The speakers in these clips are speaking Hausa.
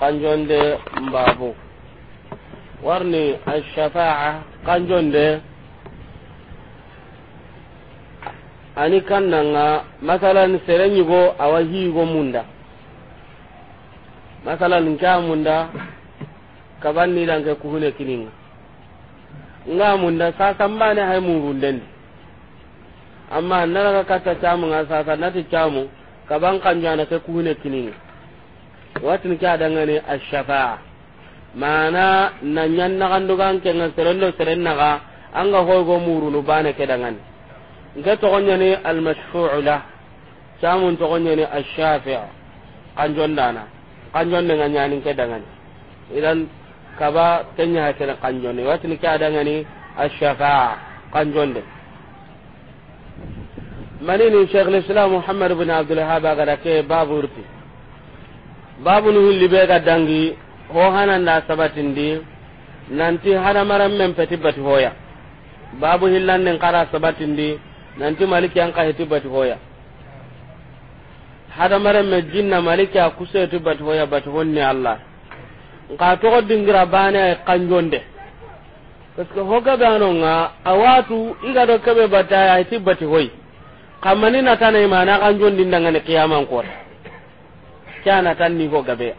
kanjonde mbabu warni ashafa'a kanjonde ani kannanga masalan serenyigo awa hiigo munda masalan nka munda kabanni danke kuhune kininga nga munda sasa mbane hay murundendi amma nalaga katta camunga sasa nati camu kaban kanjana ke kuhine kini watin ke adangane ashafa'a mana yan na kan dogan ke ngan serello seren naga an ga ho go murunu bana ke dangan ga to gonya ne al mashfu'u la samun to gonya ne kan kanjon dana kanjon ne nganya nin ke dangan idan kaba tanya ke kanjon ne watin ke adangane kan kanjon de. manini cheikh l'islam mohammed ibn abdul wahhab aga da ke baburti babu nu hilli be ga dangi ho hanan da sabatindi nanti hada maram men peti bati hoya babu hillan den qara sabatindi nanti maliki an ka heti bati hoya hada maram me jinna maliki a kusa heti bati hoya bati honni allah ka to dingira bana e kanjonde parce que hoga ganonga awatu iga do kebe bataya heti bati hoya kamani na tanai mana kan jondi ndanga ne kiyaman ko kana tan ni go gabe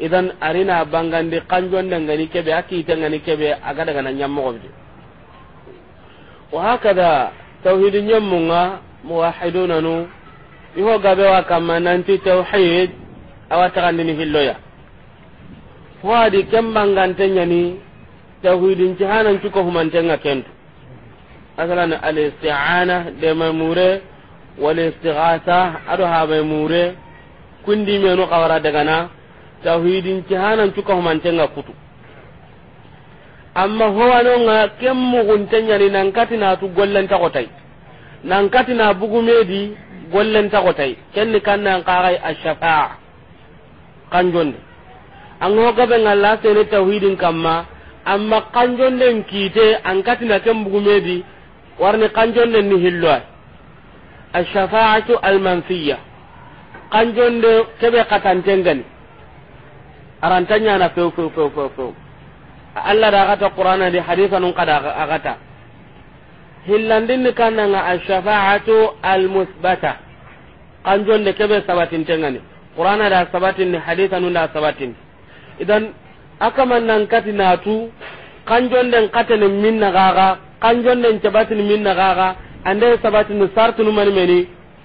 idan arina bangandi kan jondi ngani kebe akita ngani kebe aga daga nan nyammo ko wa hakada tauhidin nyammunga muwahiduna nu iho gabe wa kamma nanti tauhid awa tagandini hilloya hoadi kembangante nyani tauhidin cihanan cuko humantenga kentu masalan al isti'ana de mamure wal istighatha ado ha be mure kundi me no kawara daga na tauhidin ci hanan tuka man tenga kutu amma ho wano nga kemmu mu guntanya ni nan katina tu gollen ta kotai nan katina bugu medi gollen ta kotai kenni kannan qarai ash-shafa'a kanjonde an ho gabe ngalla sene tauhidin kamma amma kanjonde kite an katina kem bugu medi warni kanjonde ni hilloa alshafa'atu almanfiya kanjonde kebe katantengani arantanyana few few few few few allah da agata qur'ana di haditha nun kada agata hillandin ni kannanga alshafa'atu almuthbata kanjonde kebe sabatintengani qur'ana da sabatin ni haditha nun da sabatin idan akaman nan kati natu kanjonden katene minna gaga kanjonden cabatini min gaga ande sabatini sartunu mani meni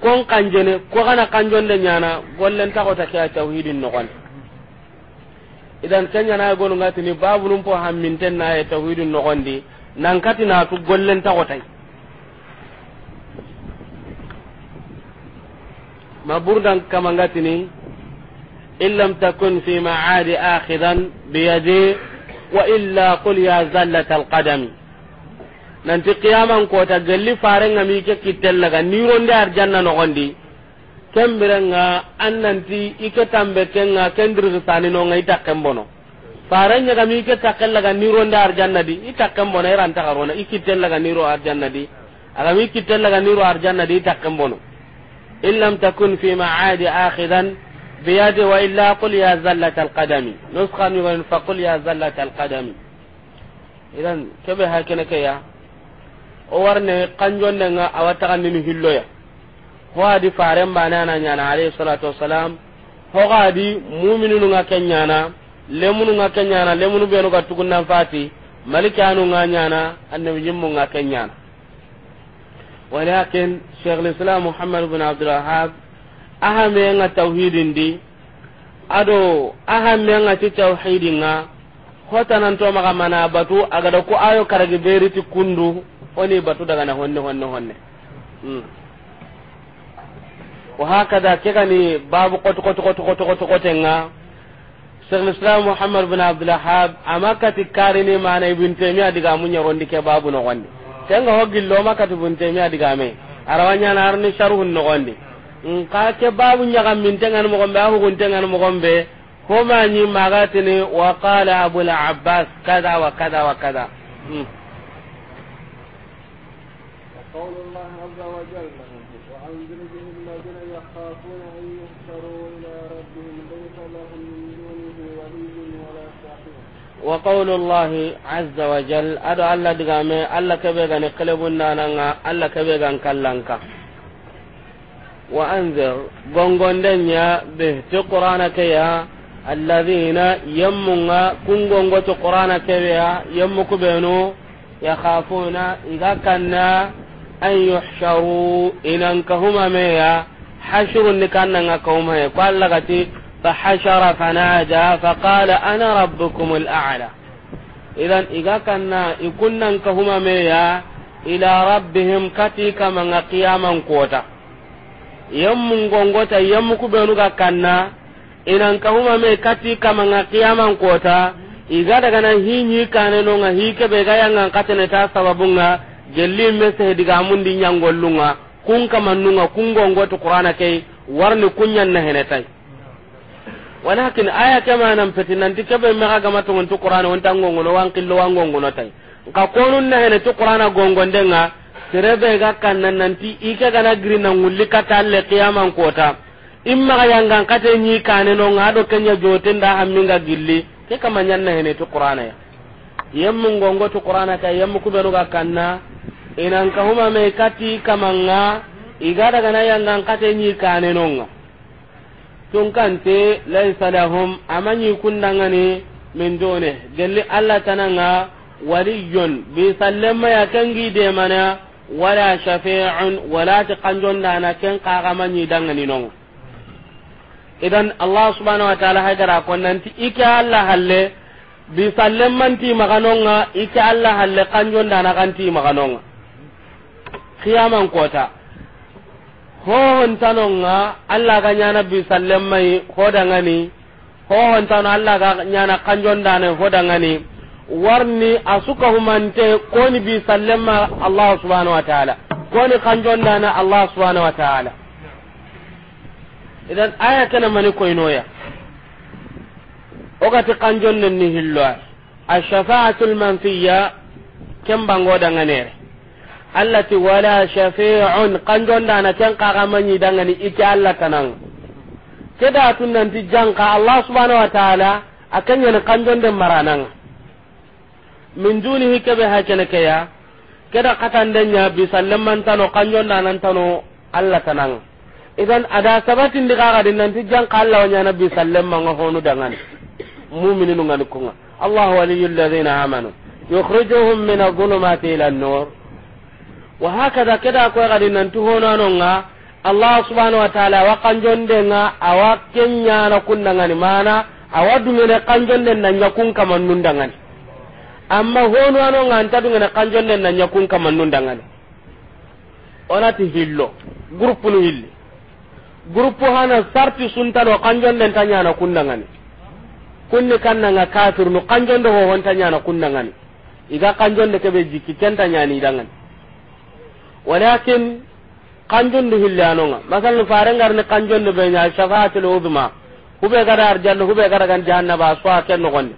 kon kanjene ko kanjon den nyana gollen ta ke tauhidin nogon idan kenya na ngati ni babu ham min ten na tauhidin di nan kati na tu gollen takotai maburdan kama ngatini in lam takun fi ma'adi akhidan yadi wa illa qul ya zallatal qadami nanti qiyaman kota gelli farenga mi ke janna no gondi kembere nga an nanti ike tambe kenga kendirgi sani nonga ita kembono fare ga mi ke ronde ar janna di ita kembono laga ni ro niro janna di aga mi ro ar janna di ita kembono in lam takun fi ma'adi akhidan yadi wa illa qul ya zallat alqadami nuskhan fa qul ya zallat alqadami idan kebe hakene ke ya o warne kanjonde nga awatagandini hilloya ho adi faren na nyana alayhi salatu wassalam ho adi muminunu nga kenyana ñana lemunu nga kenyana ñana lemunu benu gatugun nan fati malikanu nga ñana annabi ñimmu nga kenyana walakin shaykh lislam muhammad ibn abdulwahab ahame nga tauhidin di ado ahame nga ti tauhidin nga hotanantomaga mana batu agada ko ayo karagi beriti kundu oni batu daga na honne honne honne hmm wa hakada ni babu kotu kotu kotu kotu qot qot nga Sheikh Islam Muhammad bin Abdul kari amakati karini mana ibn Taymiyyah diga munya rondi ke babu no gondi kenga hogillo makati ibn Taymiyyah diga me arawanya arni sharhun no gonde nka hmm, ke babu nyaga min tengan mo gombe abu gun tengan mo gombe ko ma ni magatini wa qala abul abbas kada wa kada wa kada hmm. قول الله عز وجل وأنذر به الذين يخافون أن يحشروا إلى ربهم ليس لهم من دونه ولي ولا شفيع وقول الله عز وجل أدو الله دقامي الله كبيغا نقلبنا نانا الله كبيغا نكلنكا وأنذر غنغن دنيا به تقرانك يا الذين يمون كنغن تقرانك يا يمك بينو يخافون إذا كنا an yuhsharu inan kahuma meya hashrun ni kannanga huma ya ko Allah gati fa hashara fanaja fa qala ana rabbukumul a'la idan iga kanna ikunnan kahuma meya ila rabbihim kati kamanga qiyaman kota yammun gongota yammu kubenu ga kanna inan huma me kati kamanga qiyaman kota iga daga nan hinyi kanenonga hikebe ga yanga katene ta sababunga jelli me se diga mun di nyangollunga kun kamannunga kun gongo to qur'ana kay warni kunyan na henetai walakin aya kama nan nan ti be me ga to ngon to qur'ana won tan ngono wan killo wan gongo no tai ka konun na hene to qur'ana gongo ndenga terebe ga nan nanti ike gana grina ngulli katalle qiyamang kota imma ga yangan kate nyi kane no ngado kenya jotenda da gilli ke kama nyanna hene to qur'ana ya yemmu tu qur'ana ka yemmu ku ga kanna inan ka huma me kati kamanga igada gana yanga kate ni nonga. tun kante laysa lahum amanyi kundangani min dune gelli alla tananga waliyun bi sallama ya kangi de mana wala shafi'un wala taqanjon dana ken qagamanyi dangani nonga idan allah subhanahu wa ta'ala hagara konnanti ike halle bisallen manti maganonga ike allah halle kanjon dana kanti maganonga kiyaman kota tanonga allah ga ñana bisallen mai hodangani hohontano allah ga nyana kanjon dana hodangani warni asuka humante koni bisallen ma allah subhanahu wa ta'ala koni kanjon dana allah subhanahu wa ta'ala idan aya kana mani noya. ogati kanjonnenni hilloa alshafa'atu almanfiya ken bango danganere allati wala shafi'un kanjondana ken kagamani dangani iki allah tananga keda ti janka allah subhanahu wa ta'ala kanjon den maranang min dunihi kebe kaya keda kanjon dana tano allah tananga idan ada nan ti janka allah wanyana bisallemanga honu dangani mu'mininu ngani kunga allah waliyul ladina amanu yukhrijuhum min adh-dhulumati ila an-nur wa hakada kada ko gadi nan tu hono honanonga allah subhanahu wa ta'ala wa kanjondenga awa kenyana kunnangani mana awa dungene kanjonden na nyakun kamannundangani amma honu anonga anta dungene kanjonden na nyakun kamannundangani onati hillo groupe nu hilli groupe hana sarti suntano kanjonden tanyana kunnangani kunni kannanga kafir nu kanjonde ho honta nyana kunnangani iga kanjonde kebe jikki kenta nyani dangan walakin hillano nga masal farengarni kanjonde be nya shafaatul udma hube gara arjanna hube gara gan ba so aken no gonde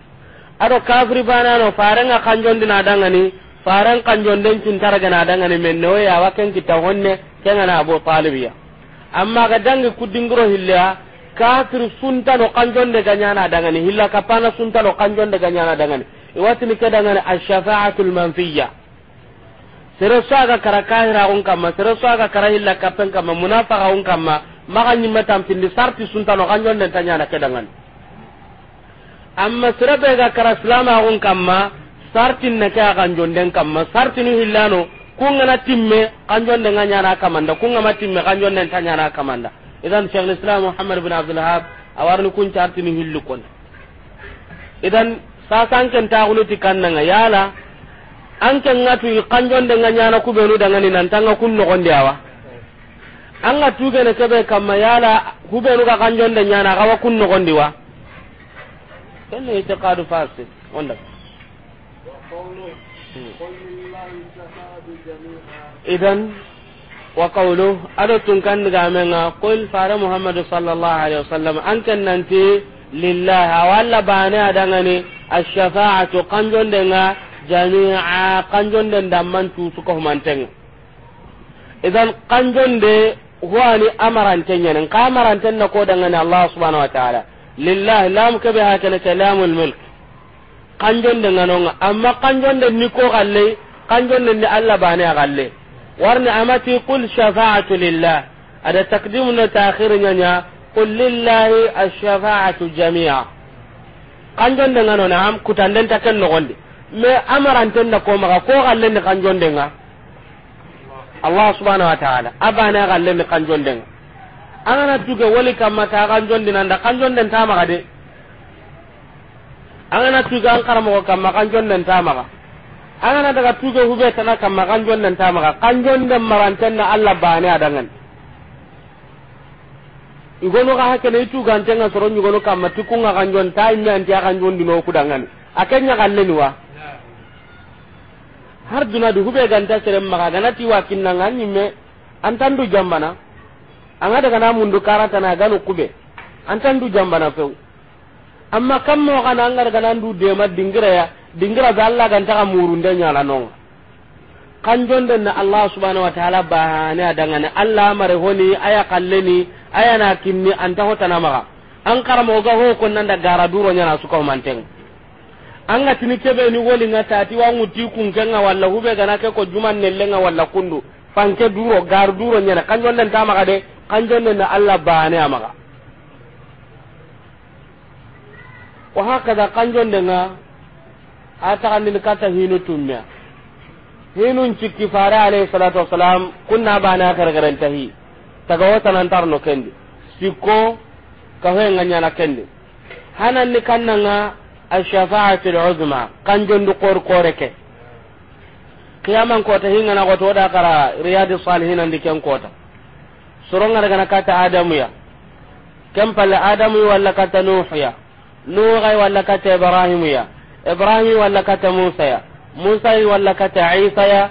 ado kafiri banano farenga kanjon na dangani faran kanjonden taraga na dangani men no ya yawa ken kitta honne kenana abu talibiya amma ga dangi kudingro hilla kafir sunta no kanjon de ganyana dangani hilla kapana sunta no kanjon de ganyana dangani iwatini ke dangani ash-shafa'atu al-manfiyya sere swaga kara kahira on kamma sere swaga kara hilla kapen kamma munafaqa on kamma maga nyimme tampindi sarti sunta no kanjon de tanyana ke dangani amma sere be ga kara islama on kamma sartin ne ke kanjon den sarti ni hillano kungana timme kanjon de nganyana kamanda kungama timme kanjon de tanyana kamanda idan shaykh islam muhammad ibn abdul wahab awarni kun charti ni hillu kon idan ta yala an kan ngatu kanjon de nganya na kubenu nan tanga kun awa an ga ne kebe kamma yala kubenu kanjon de nyana ga kenne ite qadu onda idan wa qawlu ado tun kan diga menga qul fara muhammad sallallahu alaihi wasallam an kan nanti lillahi walla bana adangani ash-shafa'atu kanjon denga jami'a kanjon den damman tu su ko mantenga idan kanjon de huwa ni huwani amaranten yanin kamaranten na ko dangane Allah subhanahu wa ta'ala lillahi lam kabe hakana kalamul mulk kanjon de nganonga amma kanjon de ni ko galle kanjon de ni Allah bane galle warni amati kul shafa'atu lillah ada taqdimu na ta'khirnya nya kul lillahi ash-shafa'atu jami'a kanjon de ngano na am kutanden taken no gonde me amaran ten da ko ma ko galle ni kanjon de nga Allah subhanahu wa ta'ala abana galle ni kanjon de anana tuge wali kamma ta kanjon de nanda kanjon de ta maka de anana tuge an karamo kamma kanjon de ta maka angana daga tuge hube tana kama kanjon nan tamaga kanjon den maranten na allah bane adangan igono ga hakene itu gantenga soro nyugono kama tikunga kanjon ta imme anti kanjon dino kudangan akenya kalleni wa har duna du hube ganta serem maga ganati wa kinnanga anyimme antandu jambana anga daga na mundu karata na ganu kube antandu jambana few amma kammo kana anga daga nan du dema dingira ya dingira ga Allah ganta ga murunde nyala non kan jonde na Allah subhanahu wa ta'ala ne adanga ne Allah mare honi aya kalleni aya na kinni anta hota na maka an karamo ga ho kon nan da gara duro nyana su ko manteng an ga tini kebe ni woli nga tati wa nguti kun kenga walla hube na ke ko juman ne lenga walla kundu fanke duro gar duro nyana kan jonde ta maka de kan jonde na Allah ne amaga wa hakada kan jonde nga ata kan ataxandini kata hinu tumya hinu cikki fara alaihi salatu wasalam kunna bana kar bane a kergerentahi tagawotanantarno kendi sikko kahoenga ñana kendi hananni kannanga alshafaatu luzma kanjondi kor koreke kiyaman qiyaman kota hingana goto woda kara riyadu salihin andi ken kota sorongaragana katta adamuya ken palle adamu walla kata nuhya nuhay walla ibrahimu ya ibrahim wala kata musa ya musa yi wala kata isa ya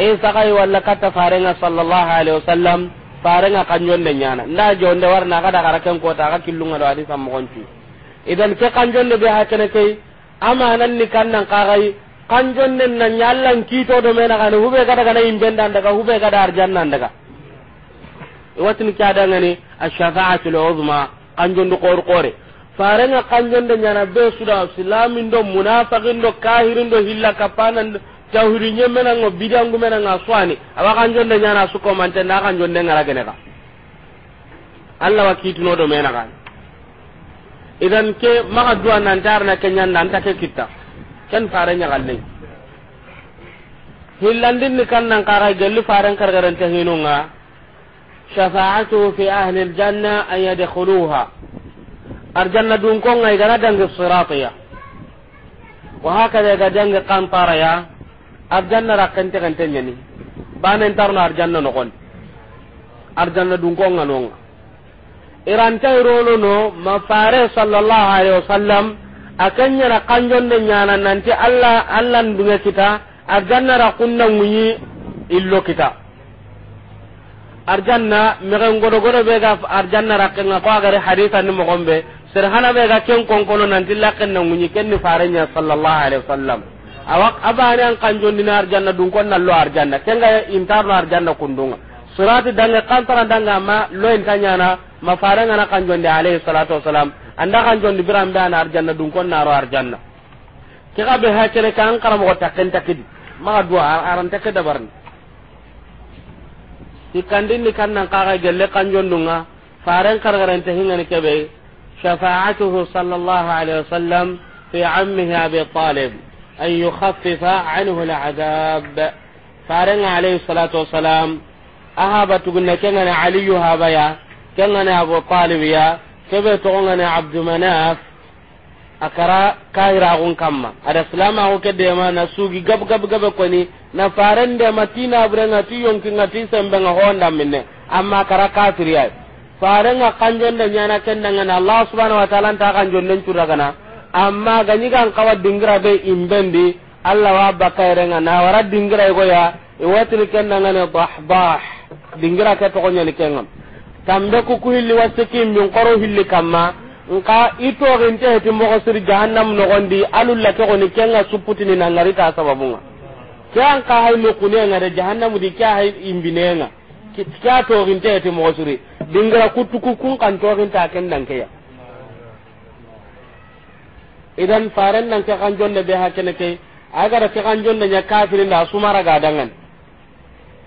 isa kai wala kata farenga sallallahu alaihi wasallam kanjon kanjonde nyana nda jonde warna kada karaken ko ta ka killunga do hadisa mo gonci idan ke kanjonde be hakene kai amanan ni kannan kanjon kanjonde na nyallan kito do mena kana hube kada kana imbendan daga hube kada arjannan daga watin da ngani ash-shafa'atu al kanjon kanjonde qor qore farenga de nyana be suda silamin do munafiqin do kahirin do hilla kapanan tawhiri nyemena ngo bidangu mena nga swani awa de nyana su ko mante na de ngara gene ka Allah wakitu no do mena kan idan ke ma adwa nan dar na kenyan nan ta ke kita kan farenya galle hillandin ni kan nan kara galli faren kargaran ta hinunga shafa'atu fi ahli aljanna an arjanna dun konga igana dange siratiya wa hakada ga dange kampara ya arjanna rakante kante nyani banen tarno arjanna no kon arjanna dun konga nonga iranta irolo no mafare sallallahu alaihi wasallam akanya ra kanjon de nyana nanti alla alla ndunga kita arjanna ra kunna munyi illo kita arjanna megan godo godo be ga arjanna ra kenga ko agare haditha ni mogombe ser hana be ga ken kon kono nan tilla ken nan munyi ken ni farenya sallallahu alaihi wasallam awak abane an kanjon dinar janna dun kon nan lo arjanna ken ga intar lo arjanna kundunga surati danga kantara danga ma lo en na ma farenga na kanjon de alaihi salatu wasalam anda kanjon dibiram da an arjanna dun kon naro arjanna ke ga be ha kere kan karamo ta ken takidi ma dua aran takida barni ikandin ni kannan kaga gelle kanjon dunga faren kargarante hingani kebe شفاعته صلى الله عليه وسلم في عمه أبي طالب أن يخفف عنه العذاب فارن عليه الصلاة والسلام أهابة قلنا كان علي هابيا كان أبو طالب يا كيف عبد مناف akara kahiragun kamma ada silama ko kedde ma na sugi gab gab gab ko ni na farende matina brenga ti yonki ngati sembe nga honda minne kara kafiriya farenga kanjende nyana kendangani allah subhanahu wa ta'ala nta kanjonden curagana amma ganyi kan kawa dingira be imbendi allah wa bakairenga na wara dingira igoya na kendangani dahbah dingira ke togonyani kenga tambe kuku hilli wasiki min qoro hilli kamma nka itoxinte heti moxo siri jahannam noxondi alulla kexoni kenga supputini nangarita sababunga ke an ka hayni kunenga de jahannamu di ke a hay imbinenga kitya toxinte ti moxo suri dingira kutuku kun kan kan dan kaya idan faran nan ke kan jonda be hakene ke aga ke kan jonda nya kafirin da sumara ga dangan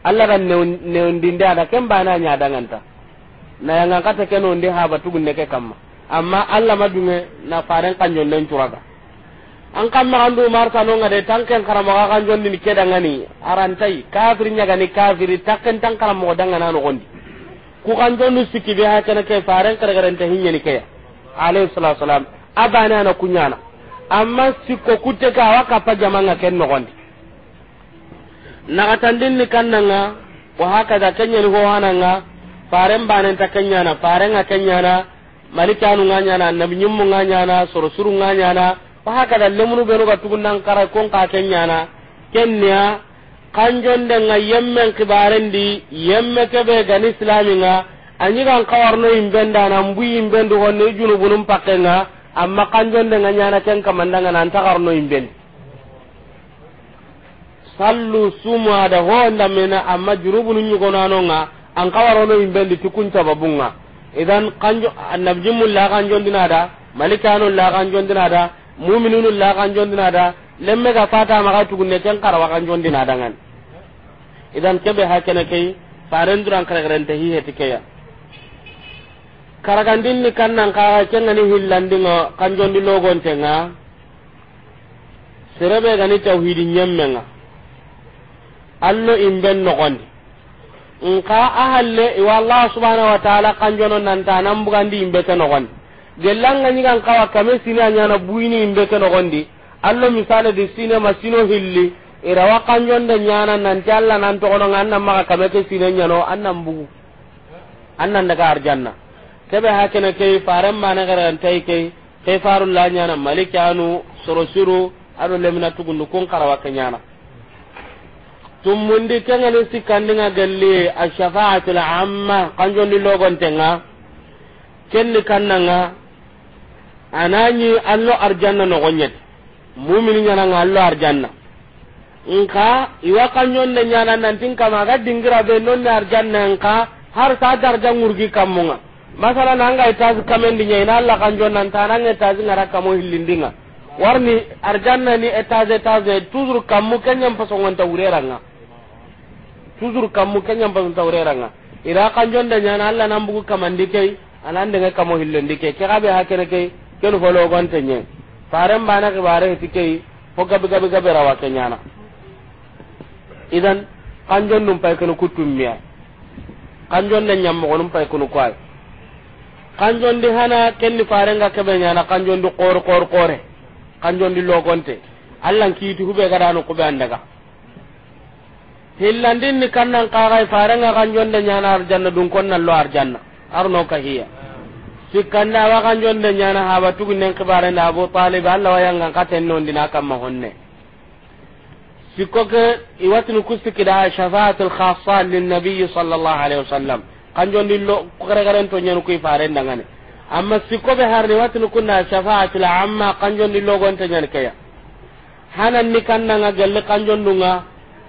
Allah ran ne undinde da kan bana nya dangan ta na yanga kata ken ndi ha batugun ne ke kamma amma Allah madume na faran kan jonde curaga an kan ma andu marta no ngade tanken karamo ga kan jondi ni ngani arantai kafir nya gani kafir takken tan karamo dangana no gondi ku kan jondu sikki be ha kana ke faran garan ta hinya ni ke alayhi salatu wasalam abana na kunyana amma sikko kutte ka wa kapa nga ken no gondi na tandin ni nga. wa haka da kenya ni ho hananga faran banen ta kenya na faran ga kenya na malikanu nganya na annabi nyimmu nganya na sorosuru nganya na fa hakada lemunu benu ga tugunan kara kon ka na kenya kanjon de nga yemmen kibarendi yemme kebe gan islami nga anyi kan kawarno imbenda na mbui imbendu honne pake pakenga amma kanjon de nga nyana ken kamandanga nan takarno imbendi sallu suma da honda mena amma junubunu nyugonano nga an kawarono imbendi tukunta babunga idan kanjo annabjimulla kanjon dinada malikanu la kanjon dinada mu'minunu la kan na da lemme ga fata ma ga tugunne ken karwa kan na da ngan idan kebe ha kana kai faran duran karagaren ta hiye tikeya karagandin ni kannan ka ken ngani hillandingo kan jondi logon tenga serebe gani tauhidi nyemmenga allo imben nogondi nka ahalle iwa allah subhanahu wa ta'ala kanjono nanta nan bugandi imbe ke nogondi gellanga ñigan kawa kame sini a ñana buyini imbe ke nogondi allo misale di sinema sino hilli irawa kanjonde ñana nanti allah nan togononga an nan maga kame ke sine ñano an nan bugu an nan daga arjanna keɓe ha kene kei faren mane xerentay kei ke farulla ñana malike anu sorosiru aɗo lemina tugundu kun karawa ke ñana tummundi kengeni sikkandinga gelli ashafaatul amma kanjondi logontenga kenni kannanga anani allo arjanna gonyet mumini nyana nga allo arjanna nka iwa kanyonde nyana nantin kama ga dingira be ne arjanna nka har sa darja ngurgi kamunga masala nanga kamen kamendi nyina alla kanjon nan tananga itazi ngara kamo hillindinga warni arjanna ni etaze etaze tuzur kamu kenyam pasongonta ureranga toujours kamu kenyam pasongonta ureranga ira kanjon de nyana alla nan bugu kamandike anan de kamo hillindike ke gabe hakene ke ken holo gonte nye faren bana ke bare tikei fo gabi gabi gabi rawa kenyana idan kanjon num pay kono miya kanjon na nyam mo num pay kono kwai kanjon di hana kenni faare nga ga kebe nyana kanjon di kor kor kore kanjon di logonte allan kiti hube ga dano ko be andaga hillandin ni kannan kagai faare nga kanjon da nyana arjanna dun konna lo arjanna arno kahiya sikkanda awa kan jonde nyana haba tugunnen kibarende abu talib allah wayangan katennondina kamma honne sikko ke iwatini kusikida shafaatul khassa linnabiyi sal llahu alaihi wasallam kan jondi lo kerekerento nyani kui farendangani amma sikko be harni watini kunna shafaatul amma kan jondi logonte nyani keya hananni nga gelle kan jondunga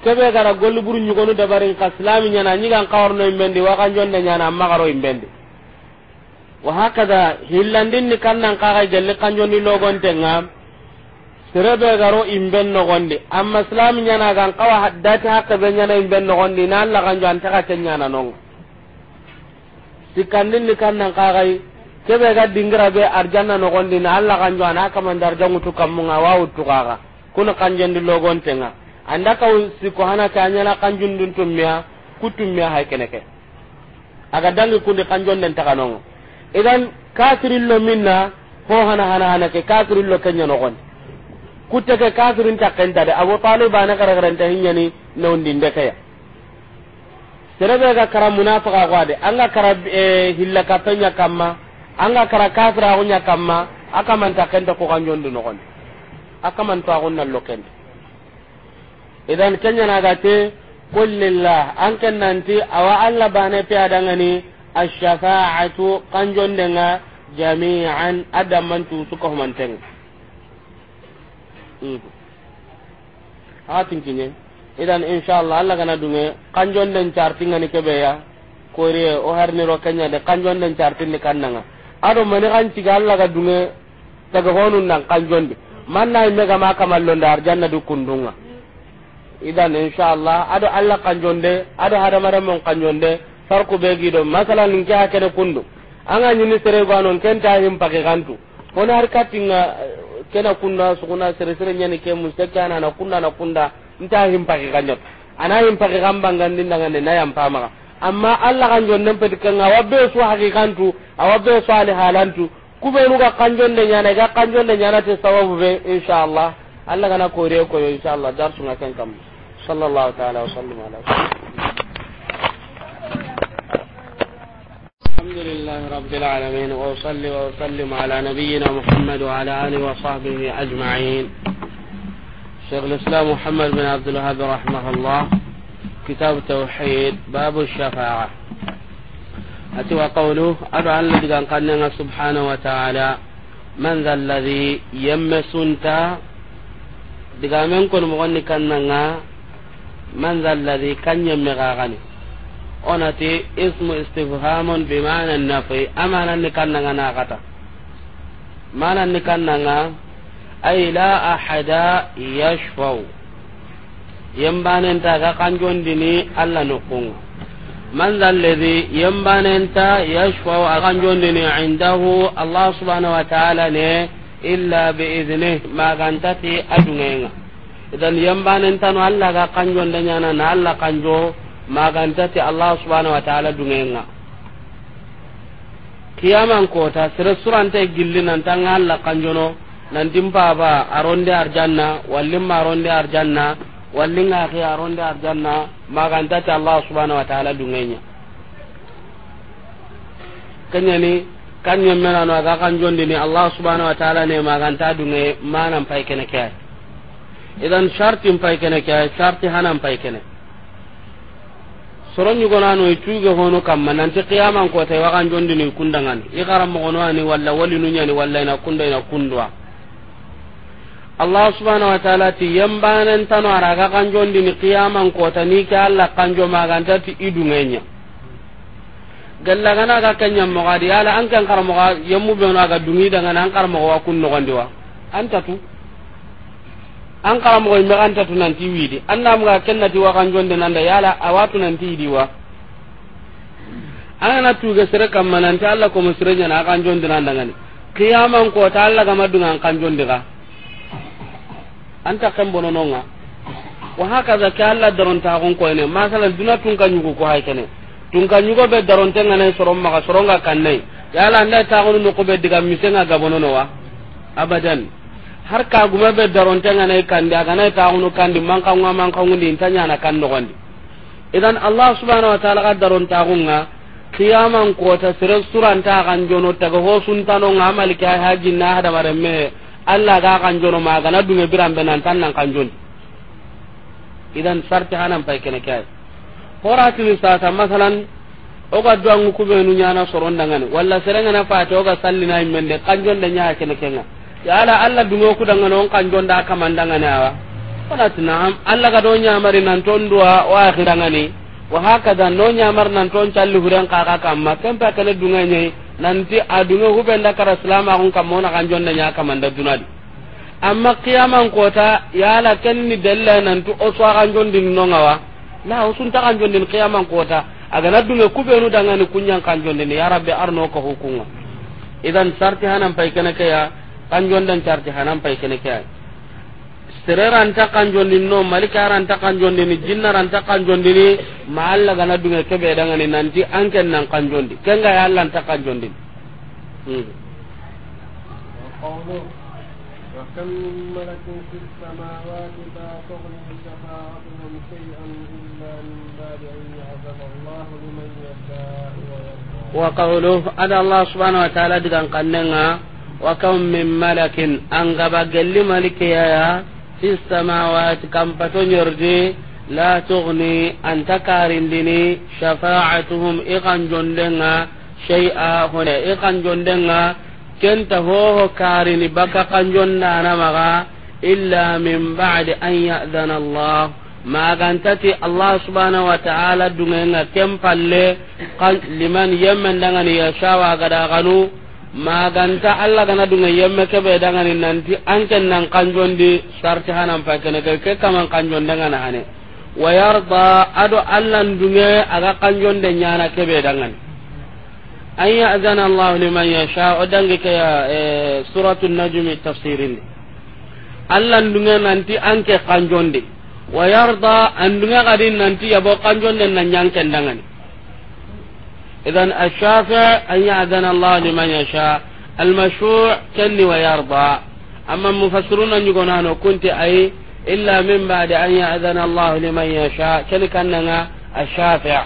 kebe gara golli buru ñugonu dabarin ka silami ñana ñigan kawarno imbendi wa kan jonde ñana amma garo imbendi wa hakada hillandin ni kannan kaga gelle kanjoni logon tenga sirabe garo imben no gonde amma islam nyana gan qawa haddati hakka be nyana imben no gonde na Allah kanjo anta ka na non sikandin ni kannan kaga kebe ga dingra be arjanna no gonde na Allah kanjo ana ka man darja mutu kamunga wawu tukaga kuna di logon tenga anda ka siko hana ka nyana kanjundun tummiya kutummiya hay keneke aga dangi kunde kanjon den takanongo idan lo minna ho hana hana hana ke kafirillo kenya nogon kutte ke kafirin takkenta de abu talib ana karagaranta hinyani na undin de kaya serebe ga karam munafiqa gwade anga karab eh, hilla kapenya kamma anga kara kafira hunya kamma aka man takkenta ko no nogon aka man to lo lokenta idan kenya na ga te kullillah an kan nanti awa alla bane pe adangani الشفاعة قنجون لنا جميعا أدم من توسكه من تنه hatin kinye idan insha Allah Allah kana dunge kanjon den charting ani ke beya kore o har ni rokanya de kanjon den charting ni kannanga ado mane kan tiga Allah ga dunge daga honun nan kanjon de man nay mega ma kamallo ndar janna idan insha Allah ado Allah kanjon farku be gido masala nin ke hakene kundu anga nyini sere gano kenta yim pake kantu hona har katinga kena kunna suguna sere sere nyani ke mustaka na na kunna na kunda nta yim pake ganyot ana yim pake gamba ngandi ndangane na yam pama amma alla kan jonde petikanga wabbe su hakikantu awabbe su ali halantu kubenu ga de nyana ga de nyana te sababu be inshallah alla kana re ko inshallah darsu kan kam sallallahu ta'ala wa sallam ala الحمد لله رب العالمين واصلي واسلم على نبينا محمد وعلى اله وصحبه اجمعين. شيخ الاسلام محمد بن عبد الوهاب رحمه الله كتاب التوحيد باب الشفاعه. أتي وقوله أدعى الذي كان سبحانه وتعالى من ذا الذي يمسنت دقامنكم مغني كان من ذا الذي كان يمغاغني onati ismu istifhamun bimana nafi amananni kannanga nakata mananni kannanga ay la ahada yashfau yembanenta ga kanjondini allah nokkunga man dha alladhi yembanenta yashfau a kanjondini indahu allah subhanahu wa ta'ala ne illa bi biidnih magantati adungenga idan yembanentano allah ga kanjonde na allah kanjo magantati allah subhanahu wa ta'ala dungenga kiyaman kota sere surante gilli nan tan alla kanjono nantin baba aronde arjanna wallin ma aronde arjanna wallin ake aronde arjanna magantati allah subhanahu wa ta'ala dungenya kanyani mena no ga kanjondi ni allah subhanahu wa ta'ala ne maganta dunge manan pai kene kay idan shartin pai kene kay sharti hanan pai kene soronyu gona no ituge hono kamma nanti qiyaman ko tay kan jondi ni kundangan i garam mo gono ani walla wali nunya ni walla ina kunda ina kundwa Allah subhanahu wa ta'ala ti yambanan tano araga kan jondi ni ko ni ka Allah kan jo maganta ti idungenya galla gana ga kanya mo gadi ala an kan karamo ga yammu be no aga dungi dangan an karamo wa kunno gandiwa anta tu an kala karamogoy me kenna tunanti wa kan jonde nan da yala a wa awa wa yidiwa tu tuge sere kamma nanti allah komo sire jonde a kanjondi nandangani kiyaman ta allah gama dunga an kanjondi ga anta ken nga wa haka daron ke allah darontaxun ne masalan duna tun kan ñugu ko hay kene tun kan ñugo be darontengana soron maxa soronga kannai yala gon no ko be diga misenga wa abadan har ka guma be tanga ngana kandi aga na ta unu kandi man ka ngwa man ka ngundi tanya na kan nogondi idan allah subhanahu wa ta'ala ka ta gunga kiyaman ko ta suran suranta kan jono ta go sun tano ngamal ka haji na hada me allah ga kan jono ma ga na dume biran be nan tan nan kan jono idan sarti hanan pai kene kai horatini ta masalan oga duangu nu nyana soron dangane walla serengana to oga sallina imende kanjon de nyaa kene kenga yala alla dungo ku danga non kan jonda kamandanga na wa tinam alla ga do nyamari nan ton duwa wa akhiranga ni wa hakada no nyamar nan ton challi huran ka ka kamma kampa kana dunga nyai nanti adunga hubenda kara salama kun kamona kan jonda nya kamanda dunadi amma qiyaman kota yala ni dalla nan tu oswa kan jondin nonga wa la usun ta kan jondin qiyaman kota aga na dunga kubenu danga ni kunyan kan jondin ya rabbi arno ko hukuma idan sarti hanan pai kana kaya dan carti hanam pay kene kay sereran ta din no ran ta kanjondini ran ta kanjondini ma Allah gana dunga kebe dangani nanti anken nan din kenga ya alla ta kanjondin hmm. وكم من ملك في السماوات لا وقوله أن الله سبحانه وتعالى wa kam min malakin angaba gelli malikeyaya fi samawati kampato ñordi la tugni anta karindini shafa'atuhum ikan jondenga shay'a hone ikan jondenga kenta hoho karini baka kan jondanamaga illa min ba'di an ya'dana allah magantati allah subhanahu wa ta'ala dungenga kempalle liman yemmendangani yashawa gadaganu maganta allah gana dunga yemme kebe dangani nanti anken nan di sarti hanan pakene ke ke kaman kanjon dangana hane wa yarda ado allah dunga aga de nyana kebe dangani an azana allah liman yasha o ke ya e, suratul najm tafsirin allah dunga nanti anke di. wa yarda andunga kadin nanti yabo de nan nyanken dangani idan ashafi an ya'dan Allah liman yasha المشروع كني ويرضى أما المفسرون أن يقولون كنت أي إلا من بعد أن يأذن الله لمن يشاء كني كأننا الشافع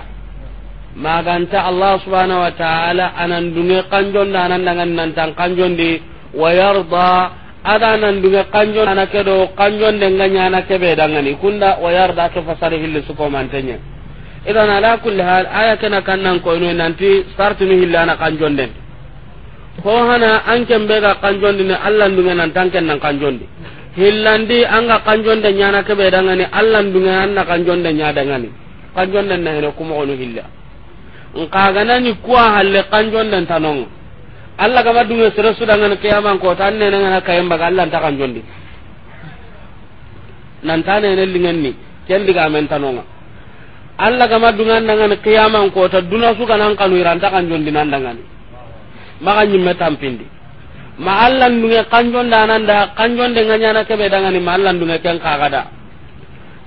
ما كانت الله سبحانه وتعالى أن ندني قنجون أن ننتن قنجون دي ويرضى ada nan dunga kanjon anake do kanjon denganya anake be dangani kunda wayar da ke fasari hilli suko mantenya idan ala kulli hal aya kana kannan ko no nanti startu ni hillana kanjonden ko hana an be ga kanjondi ni allah ndunga nan tanken nan kanjondi hillandi anga kanjonde nyana kebe ni allah ndunga nan kanjonde nya dangani kanjonde na hene kuma ko no hilla nka gana ni kuwa halle kanjonde tanong allah gama dunga sura su dangani kiyaman ko tan ne nan kayan ga allah ta di nan tanene ni kendi ga men tanonga alla gama dungan kiyaman ko kota duna an kanu iranta kan jondinan dangani maka nyimme tampindi ma alla ndunge da dananda kanjon de na kebe ni ma Allah ndunge ken kagada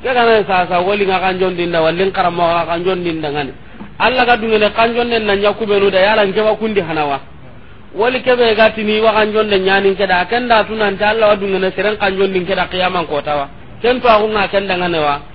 ke kana sa woli nga kanjon dinda wallin karamo nga kanjon dinda ngani alla ga dunge ne kanjon den nanya no da yala wa kundi hanawa woli kebe gati ni wa kan jonde nyani kan da tunan ta Allah wa dunge ne seren kanjon din keda qiyaman kota wa ken to kan ken ne wa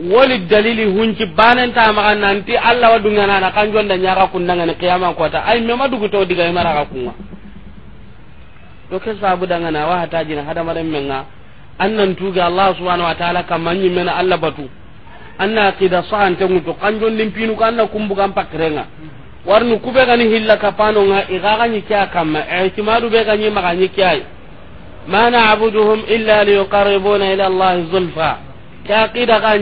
woli dalili hunci banen ta maka nanti Allah wa dunga nana kan jonda nyaka kundanga ne kiyama kota ai me madugu to diga mara ka kunwa to ke sabu danga na wa hataji na hada maran menga annan tuga Allah subhanahu wa ta'ala kamanyi mena Allah batu anna qida sa'an ta to kan jon limpinu kan na kumbu kan pakrenga warnu kube kan hilla pano nga igaga nyi kya kama i'timadu e, be gani maganyi kya ma na abuduhum illa liqarribuna ila Allah zulfa ka qida ga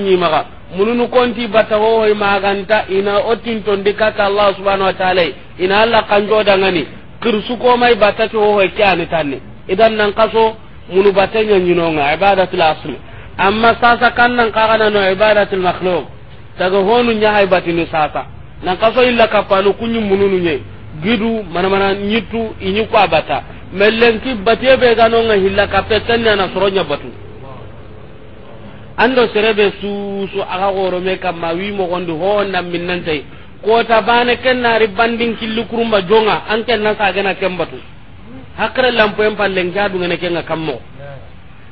mununu konti bata ho maganta ina otin ton dikata allah subhanahu wa ta'ala ina allah kanjo dangani kirsu ko mai bata to hoy kyani tanne idan nan kaso munu batanya nyinonga ibadatul asli amma sasa kannan kagana no ibadatul makhluq taga honu nyahay batini sasa nan kaso illa kapanu kunyu mununu nye gidu mana mana nyitu inyu kwa bata mellen ki batebe ganonga hilla kapetanya na soronya batu ando serebe su aga kam ma wi gondu ho ko kota bana ken ri bandin killi kurumba jonga an ken na gana ken batu hakre lampo en pallen ga du ngene ken mo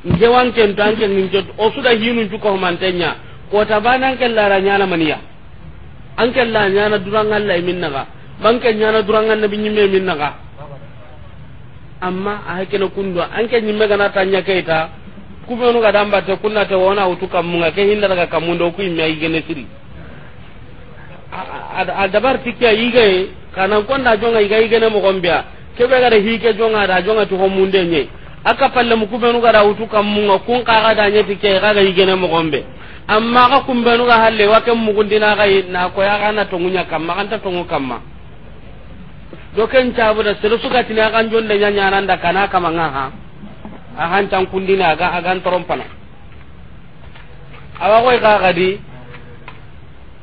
nge wan ken tan ken min jot o suda hinun ju ko mantenya kota bane an ken lara nyana maniya an ken la nyana duranga Allah minna ga ban ken nyana duranga nabi nyimme min ga amma a hakena kundo an ken nyimme gana tanya kaita kubenu ga damba te kunna te wona utu kamunga ke hinda daga kamundo ku imya igene siri a dabar tikya igai kanan konda jonga igai gene mo gombia kebe ga hike jonga da jonga to munde nye aka palle mu kubenu ga da utu kamunga kun ka ga da nye tikya ga ga igene mo gombe amma ka kumbenu ga halle wa kan mugundina ga na ko ya ga na tongunya kamma kan ta tongu kamma doken cabu da sere suka tina kan jonde nya nya nan da kana kamanga ha a ahan tan kundina aga agan na awa koy kaga di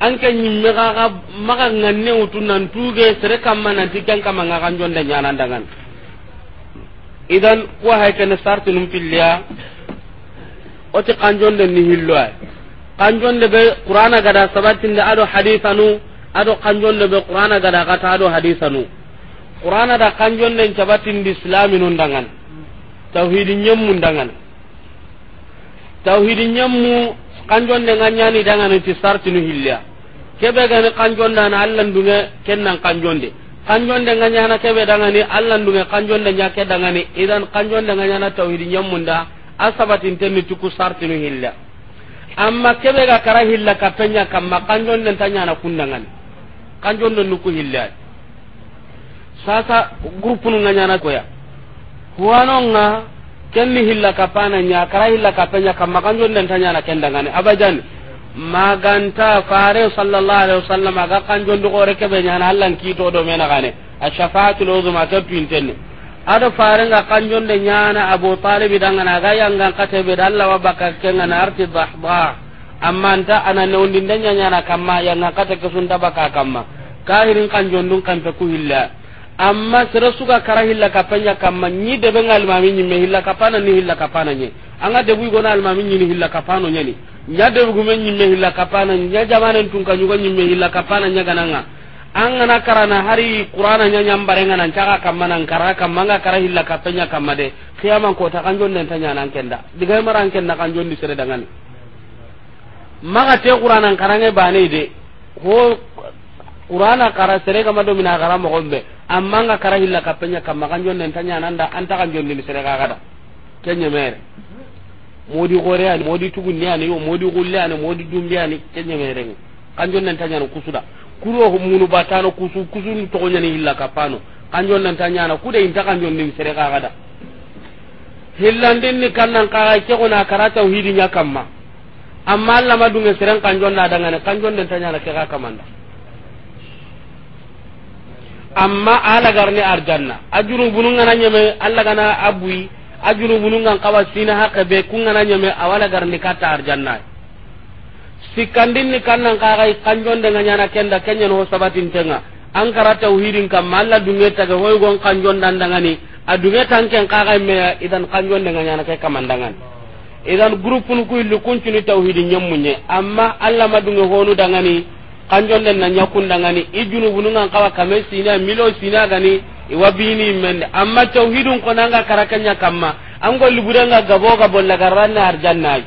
anke nyimme kaga maka nganne utu nan tuge sere kamma nan tikan kamma ngakan jonda nyana dangan idan ko hay kan sartu num pilya oti kanjonde ni hillo ay kanjonde be qur'ana gada sabatinde ado hadithanu ado kanjonde be qur'ana gada kata ado hadithanu qur'ana da kanjonde cabatindi islami nun dangan tauhidi nyemmu dangan tauhidi nyemmu kanjon de nganyani dangan ti sartinu hilya kebe gani kanjon dana allah dunga kennan kanjon de kanjon de nganyana kebe dangani allah dunga kanjon de nyake dangani idan kanjon de nganyana tauhidi nyemmu da asabatin tenni tuku sartinu hilya amma kebe ga kara hilla kapenya kamma kanjon de tanyana kundangan kanjon de nuku hilya sasa grupu nu nganyana koya kuwanonga kenni hilla kapana nya kara hilla kapanya kamma kanjo den tanya na kendanga ne abajan maganta fare sallallahu alaihi wasallam aga kanjo ndu gore kebe nya na allan ki to do mena gane ashafatu lozu ma tabu intenne ada fare nga kanjo de nya na abu talib danga na ga yang ngang kate be dalla wa baka kenga na arti dhahba amma anta ana ne undin nya na kamma yang ngang kate kesunta baka kamma kahirin kanjo ndu kan ta ku hilla amma sere suka kara hilla kapanya kamma ni de be ngal mami ni me hilla kapana ni hilla kapana nye anga de bugo na almami ni hilla kapano nye ni nya de bugo men ni me hilla kapana nya jamanen tun kanyu ko ni me hilla kapana nya gananga anga na karana hari qur'ana nya nyambare ngana ntaka kamma nan kara kamma nga kara hilla kapanya kamma de kiyaman ko ta kanjon den tanya nan kenda diga maran kenda kanjon ni sere dangani maga te qur'ana karange bane de ho qur'ana kara sere kama do mina kara mo gombe amma nga kara hilla kapenya kamma njon jonne tanya nanda anta kan jonne ni sere kaga da kenye mere modi gore ani modi ni ani modi gulle ani modi dumbi ani kenye mere kan jonne tanya no kusuda kuro munu batano kusu kusu ni to nyani hilla pano kan jonne tanya na kude inta kan jonne ni sere kaga da hillandin ni kannan kaga ke gona kara tauhidi nya kamma amma Allah madunga sere kan jonne adanga ne kan jonne tanya na ka kamanda amma ala garne arjanna ajuru bununga na nyame alla gana abui ajuru bununga kawa sina haka be kunga na nyame awala garne kata arjanna sikandin ni kannan kaga kanjon de nganya na kenda kenya no sabatin tenga an kara tauhidin kam alla dunge ta ga hoy gon kanjon dandangani adunge tanken kaga me idan kanjon de nganya na kai kamandangan idan grupun ku illu kunchuni tauhidin nyammunye amma alla madunge honu dangani kanjolle na ñakkundangani i junubunungan kawa kame sina milo sina gani iwa bini mende amma tawhidun ko nanga karakanya kamma an golli budanga gabo gabo la garanna arjanna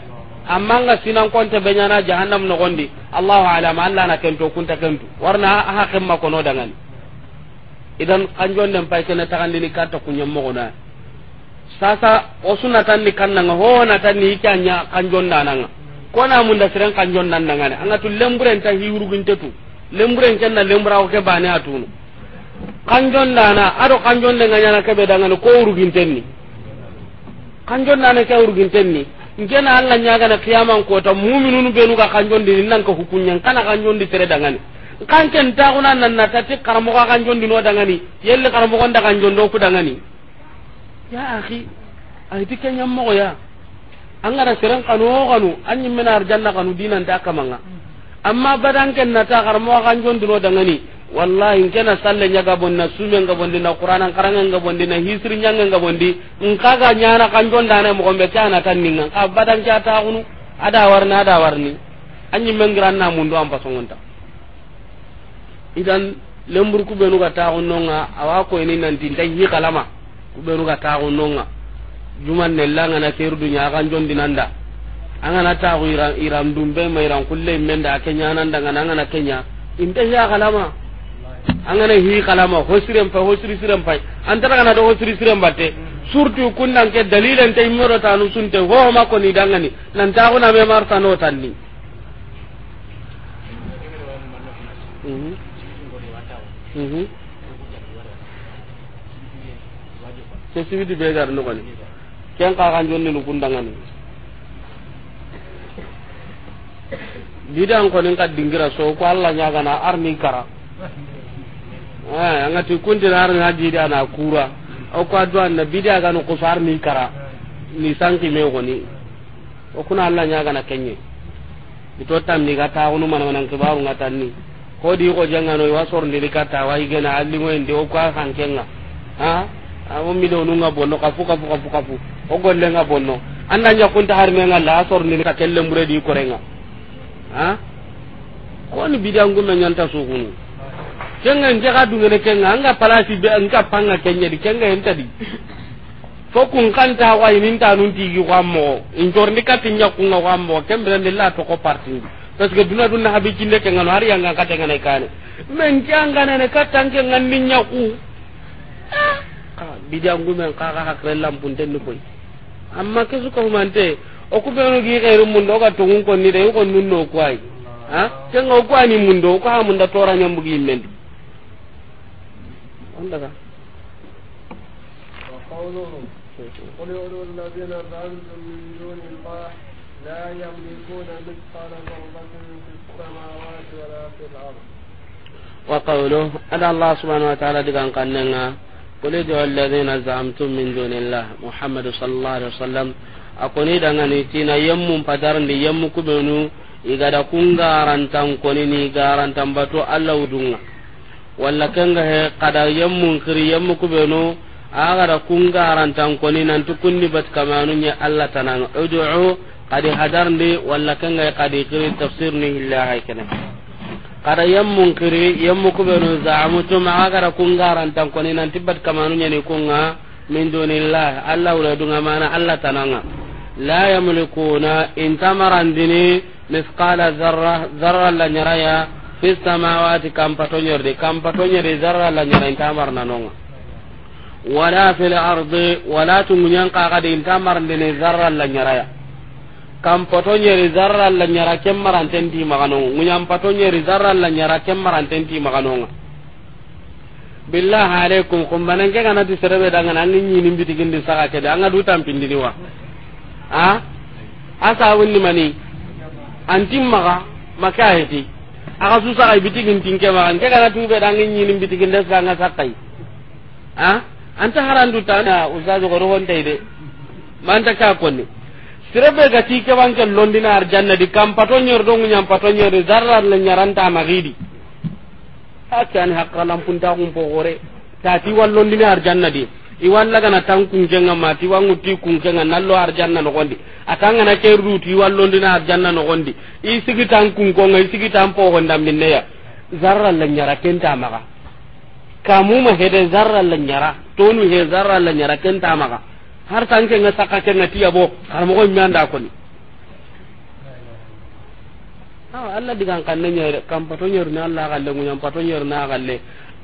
amma nga sinan konte benyana jahannam no gondi allahu alama allah na kento kunta kento warna ha kemma kono dangani idan kanjon den pay kene tagandi ni katta kunyam mo gona sasa osuna tan ni kannanga ho na tan ni ikanya kanjon dananga kona da siren kan jon nan dangane anga tu lemburen ta hiwurugin tu lemburen ken na lembura ko ke bane atunu kan jon dana ado kan jon de nganya ke be dangane ko urugin tenni kan jon dana ke urugin tenni ngena Allah nyaga na kiyaman ko ta mu'minun be nu ga kan jon de nan ka hukunyan kana kan jon de tere dangane kan ken ta kuna nan na tati karamo ka kan jon de no dangane yelle karamo ko nda kan jon do ku dangane ya akhi ay dikanya mo ya angara seren kanu o kanu anyi mena arjanna kanu dinan ta kamanga amma badan ken na ta garmo kan jon dino dangani wallahi na salle nyaga bonna sume nga bondi na qur'ana karanga nga bondi na hisri nyanga nga bondi nkaga nyana kan jon dana mo gombe tana tan ninga ka badan ja ta kunu ada warna ada warni anyi mengran na mundu am pasongonta idan lembur ku benu ga ta hunu awa awako ini nan tin dai kalama ku benu ga ta nga juman ne la ngana ter dunya kan jon dinanda angana ta ko iran iran dumbe mai ran kulle menda da kenya nan daga nan ngana kenya inde ya kalama angana hi kalama hosirem pa hosiri sirem pa antara kana do hosiri sirem batte surtout kundan ke dalilan tay mero tanu sunte ho ma ko ni dangani nan ta ko na me marta no tanni mhm mhm ke sibidi be gar no kani ken ka kan jonni nukundangani bidan ko nin ka dingira so ko Allah nya gana arni kara eh anga ti kuntina arni haji da na kura o ko adwa na bidia gano ko sarni kara ni sanki me goni o kuna Allah nya gana kenye ito tam ni gata wono man manan ke baru ngata ni ko di ko janga no wasor ni kata wa igena alli ngo ndi o ko hankenga ha awo mi do nunga bonno kafu kafu kafu kafu o gollenga bonno anda ñakkunta harmenga la sorndini ka kelle mburedi korenga a koni bidangume ñanta sukunu kenga nke ka dungene kenga anga palasi be nka panga kenyedi kenga entadi fokun kanta wa ininta nun tigi kwa mo injorni katinya kunga kwa mo kembele nilla to ko partindi parce que duna dunna habi kinde kenga no hari yanga katenga ne kane men kyanga ne katange ngandinya ku ah! ka bidiangumen ka ka hakre lampunten ni koy amma kesu ko humante o ku benu gi khairu mun do ga tungun ko ni de ko nun no kwai ha ko ani mun do ko ha mun da tora nyambu gi men onda ga قل وقوله الله سبحانه وتعالى دقان قننا قل ادعوا الذين زعمتم من دون الله محمد صلى الله عليه وسلم akoni dangani tina yemmun patarndi yemmu kubenu igada kun garantan konini garantan bato allah wudunga walla kenga he kada yemmun kiri yemmu kubenu agada kun garantan koni nanti kunni bat kamanunya allah tananga udu kadi hadarndi walla kenga kada yammun kiri yammu kubenu za'amutum aga gara kungaran tan koni nan tibbat kamanu nyani kunga min dunillah allah ula dunga mana allah tananga la yamlikuna dini misqala zarra zarra la nyaraya fi samawati kampato nyerde kampato de zarra la nyara intamar nanonga wala fil ardi wala tungunyan kaga de dini zarra la nyaraya kam poto nyeri zarra la nyara kem maranten di magano ngunyam poto nyeri zarra la nyara kem maranten di magano billahi alaikum kum banan ke kana di serebe dangan an ni ni mbiti gindi saka ke danga du tampindi ni wa ha asa wonni mani antim maga maka heti aga su saka biti gindi ke magan ke kana tuube dangan ni ni mbiti gindi saka nga sakai ha anta harandu tana uzazu goro hon manta ka konni sirebe ga ti ke wanke londina janna di kam patonyor do ngunyam patonyor zarrar le nyaranta magidi akan hakkalam pun ta kum po gore ta ti ar janna di i walla gana tang kun jenga ma ti wangu ti kun jenga nallo janna no gondi atanga na keru ti ar janna no gondi i sigi tang kun ko ngai sigi tan po gonda minne ya zarar le nyara kenta maga kamu ma hede zarar le nyara tonu he zarar le nyara kenta maga har tan ke ngata ka ke ngati abo har mo gon anda ko ni aw Allah digan kan ne nyere kam pato nyere na Allah galle ngunyam pato nyere na le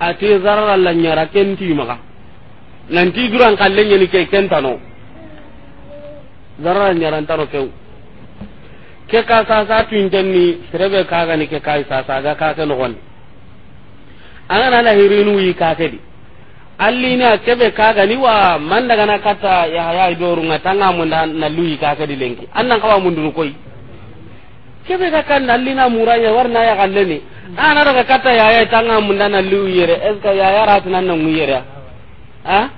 ati zarra la nyara ken ti maka nan ti duran kalle nyeni ke ken tano zarra nyara tano ke ke ka sa sa tin ni serebe ka ga ni ke ka sa sa ga ka ke no gon anana la hirinu yi ka ke di alli ne kebe kaga ni wa man daga na kata ya haya idoru nga tanga mun da na luyi ka ka dilenki annan kawa mun dunu koi kebe ka kan alli na muranya warna ya kalle ni ana daga kata ya haya tanga mun da na luyi yere eska ya ya ratu nan nan yere ha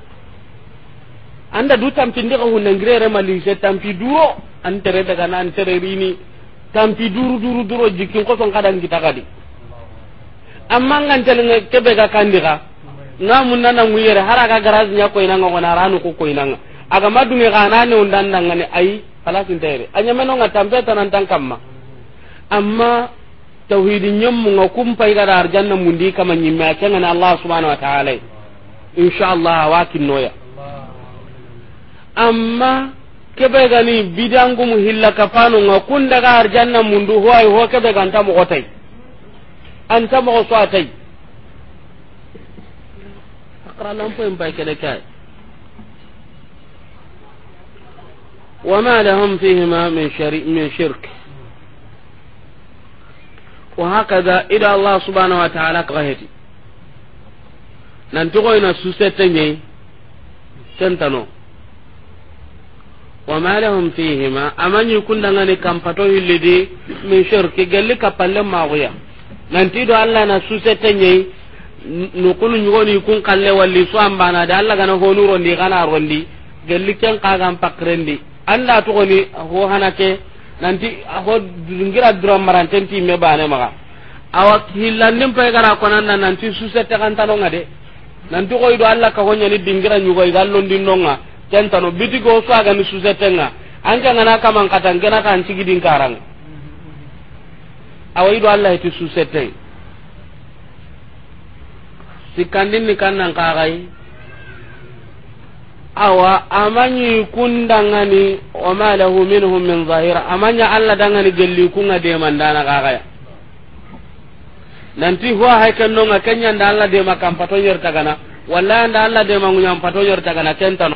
anda du tampi ndika hunan grere mali se tampi duro antere daga na antere rini tampi duru duru duro jikin ko son kadan kita kadi amma ngan telenga kebe ka kandika nga mun nan mu yere har aga garage nya koy nan ngona ranu ko koy nan aga madume kana ne undan nan ngane ai falasin tere anya meno nga tambe tanan tan kamma amma tauhidi nyammu nga kumpa ida dar janna di kama nyimma kenga Allah subhanahu wa ta'ala insha Allah wa noya amma kebe gani bidangu mu hilla kafanu nga kunda ga arjanna mundu huwa ho kebe ganta mo gotai anta mo so atai akra lampo en bay kede kay wa ma lahum fihi ma min shari min shirk wa hakaza ila allah subhanahu wa ta'ala qahidi nan tugo ina susete nge ma lahum fihi ma amani kundanga ni kampato hilidi min shirk galli kapalle maguya nan tido allah na susete nge nukunu ñugoni kun kalle walli so an bana da allah gana honu rondi gana rondi gelli ken kagan pakrendi anda togoni ho hanake nanti ho ngira drum maranten ti me bane maga awa hillandin pay gara konanda nanti susete kantanonga de nanti koy do allah ka honyani dingira ñugoy gallondinonga kentano bitigo su agani nga. anke ngana kaman katan gena kan cigidin karang awa ido allah su susete sikkandin ni kannan kakai awa amanyi kun dangani wama lahu minhum min zahira amanya alla dangani gelli kunga mandana kakai nanti huwa hay kennonga kenyanda allah dema kam patoñer tagana walla anda allah dema nguñam patoñer tagana kentano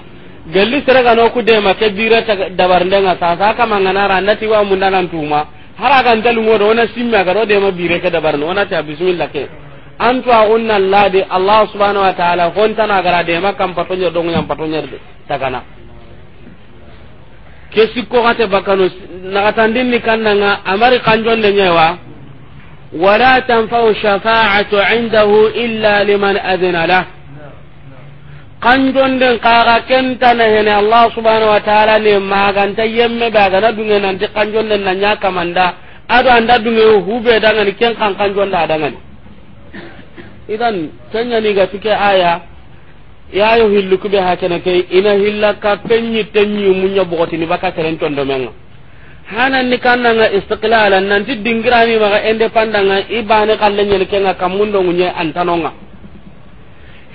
gelli no ku dema ke sa ka mangana kamanganara ti wa mundanantuma hara gantalungodo wona garo de dema bire ke dabarne wona ta bismillah ke antu agunna ladi allah subhanahu wa ta'ala hontana gara de makam patonyer dongu nyam patonyer de takana kesi ko gate bakano gatandin ni kannanga amari kanjon de nyewa wala tanfa'u shafa'atu 'indahu illa liman adhina la kanjon den kaga kenta na hene allah subhanahu wa ta'ala ne maganta yemme daga na dunga nan de kanjon den nanya kamanda ado anda dunga hube dangani ken kan kanjon da dangani idan kenya ni ga tike aya ya yayo hillu kube hakana kai ina hilla ka penyi tenyi munya bogoti ni baka seren tondo menga hana ni kanna nga istiqlalan nan ti dingirani maga independanga ibane kallenya ni kenga kamundo munye antanonga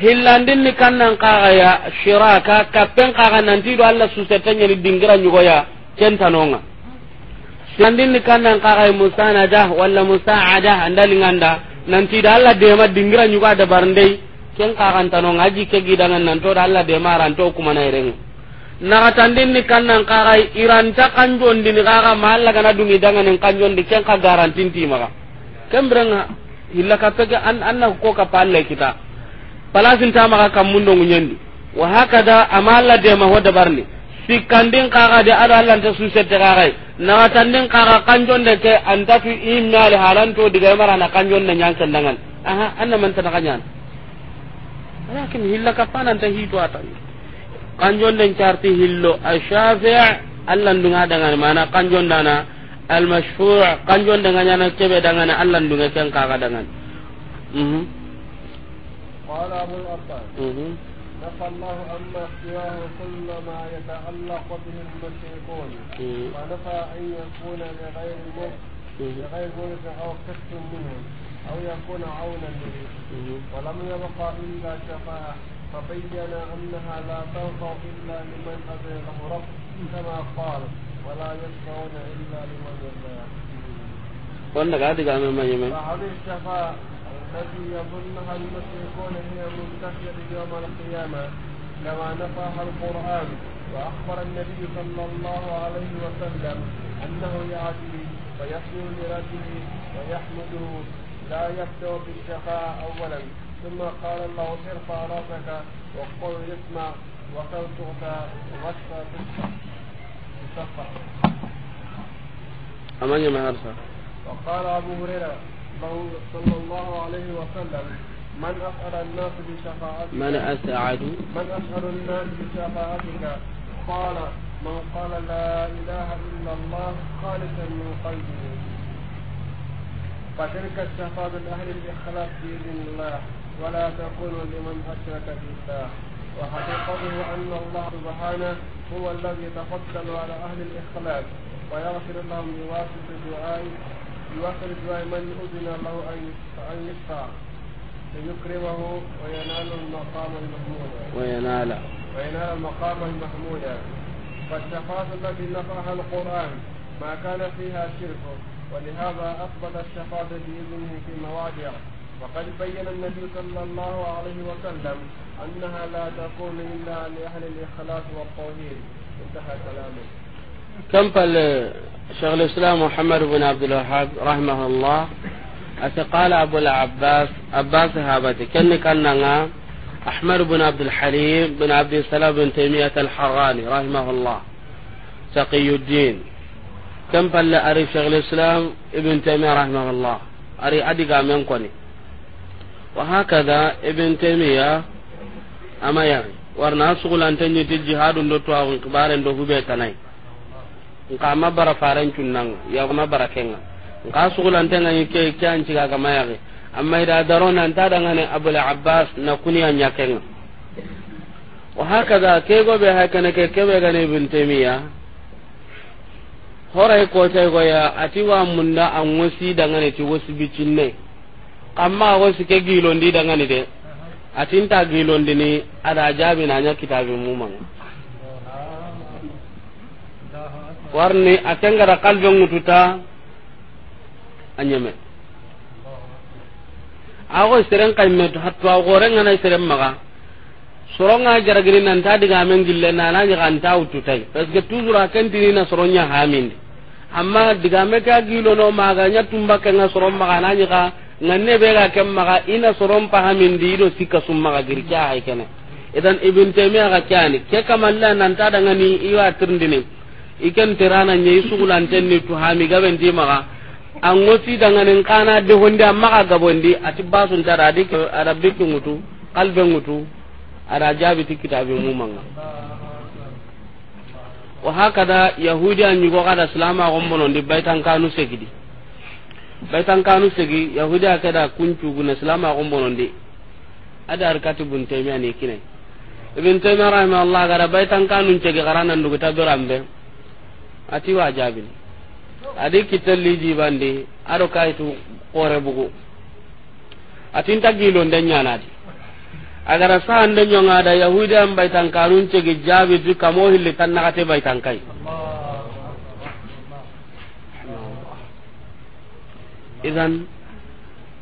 hillandin ni kannan kaga ya shiraka ka kaga nan ti do alla susetanya ni dingira nyugo ya kentanonga hillandin ni kannan kaga musanada wala musaada andalinganda nanti da Allah dema dingira nyuga da barndei ken ka kakan tano ngaji ke gidangan to da Allah dema ranto kuma na ireng na katandin ni kannan kakai iranta kanjon din kaka mahalla kana dungi dangan en kanjon di ken ka garantin ti maka ken brenga hilla ka pege an anna ko ka palle kita palasin ta maka kamundo ngunyendi wa hakada amalla dema hoda barni sikkandin kaga de ado allah nta susette kaga nagatandin kaga kanjonde ke antatu immali halanto diga mara na marana nyan. ñankendangan aha annamantana ka ñana walakin hilla kappananta hito atan kanjonden carti hillo ashafi allah ndunga dangani mana kanjondana almashfu kanjondengañana keɓe dangani allah ndunge ken kaga dangani قال mhm. أبو الأرطال نفى الله عما سواه كل ما يتعلق به المشركون إيه. ونفى ان يكون لغير الملك إيه. لغير ملك او كف منهم او يكون عونا به إيه. ولم يبقى الا شفاعه فبين انها لا تنفع الا لمن اذن له رب كما قال ولا يشفعون الا لمن يرضى. وانك قاعد قاعد ما يمين. فهذه الشفاعه التي يظنها المشركون هي المنتفية يوم القيامة كما نفاها القرآن وأخبر النبي صلى الله عليه وسلم أنه يعدي ويحسن لربه ويحمده لا يبدأ بالشفاعة أولا ثم قال الله ارفع راسك وقل يسمع وقل تؤتى وغشى تشفع أمان يا وقال أبو هريرة صلى الله عليه وسلم من أسعد الناس بشفاعتك من أسعد من أسعد الناس بشفاعتك قال من قال لا إله إلا الله خالصا من قلبه فتلك الشفاعة لأهل الإخلاص بإذن الله ولا تكون لمن أشرك بالله وحقيقته أن الله سبحانه هو الذي تفضل على أهل الإخلاص ويغفر لهم بواسطة دعائه يوصل الدعاء من أذن له أن يشفع ليكرمه وينال المقام المحمود وينال وينال المقام المحمود فالشفاعة التي نفعها القرآن ما كان فيها شرك ولهذا أثبت الشفاعة بإذنه في مواضع وقد بين النبي صلى الله عليه وسلم أنها لا تكون إلا لأهل الإخلاص والتوحيد انتهى كلامه كم قال شيخ الإسلام محمد بن عبد الوهاب رحمه الله أتقال أبو العباس عباس هابتي كن كان نعم أحمد بن عبد الحليم بن عبد السلام بن تيمية الحراني رحمه الله تقي الدين كم قال أري شيخ الإسلام ابن تيمية رحمه الله أري أدقى من كوني وهكذا ابن تيمية أما يعني ان sugulantenñiti jihadun do tuwaxun kibaren do huɓe tanay nka ma bara faran cunnanga ya ma bara kenga nka sugulan tanga ni ke kyan ci ga mayagi amma ida darona anta daga ne abul abbas na kuniya kenga wa hakaza ke go be hakana ke ke be ga ne bin temiya horay e ko tay e go ya ati wa munda an wasi daga ne ti wasi cinne amma wasi ke gilo ndi daga ne de atinta gilo ndi ni ada jabi na nya mu mumanga warni atengara kalbe ngututa anyeme awo sereng kayme to hatto renga ngana sereng maga soronga jaragiri nan ta diga men gille na na nyaga anta ututai parce que toujours akan dini na soronya hamin amma diga me ka gilo no maga nya tumba ka na soron maga na nyaga nganne be ga kem maga ina soron pa di do sikka summa ga girja hay kene idan ibn taymiya ga kyani ke kamalla nan ta daga ni iwa turndini iken terana nye isugulan tenni tu hami gaben di maga ango si danganen kana de honde amma ka gabondi ati basun tara adi ada bikku ngutu kalbe ngutu ada jabi ti kitabe mumanga wa hakada yahudi an yugo kada salama gombono di baitan kanu segidi baitan kanu segi yahudi akada kuncu guna salama gombono di ada arkati buntemi taymiya ne kinai ibn taymiya rahimahullah gara baitan kanu cegi garanan dugu tabirambe ati wa wajabin adi kitalli jibandi ado kaitu kore bugu ati atin tagilo ndenyanadi agara sahan de nyonga da yahudi am baitan karun cege jabi du kamo hilli tan na kate baitan kai idan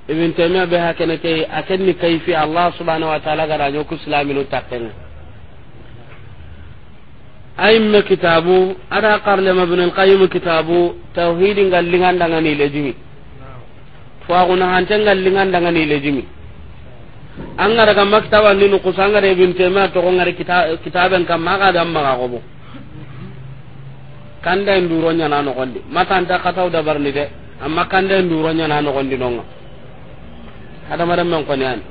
ibn taymiya be hakene kai akenni kayfi allah subhanahu wa ta'ala gara nyoku islaminu takenga ayimme kitabu ada karlema bin alqayim kitabu tawhidi ngallingan danga ni lejimi faaguna hante ngallingan danga ni lejimi anga daga maktaba ni nu kusanga re bin tema to ngare kitaben kam maga dam maga gobo kanda nduro nya na no gondi matanta kataw da barni de amma kanda nduro nya na no gondi nonga hada maram man koni an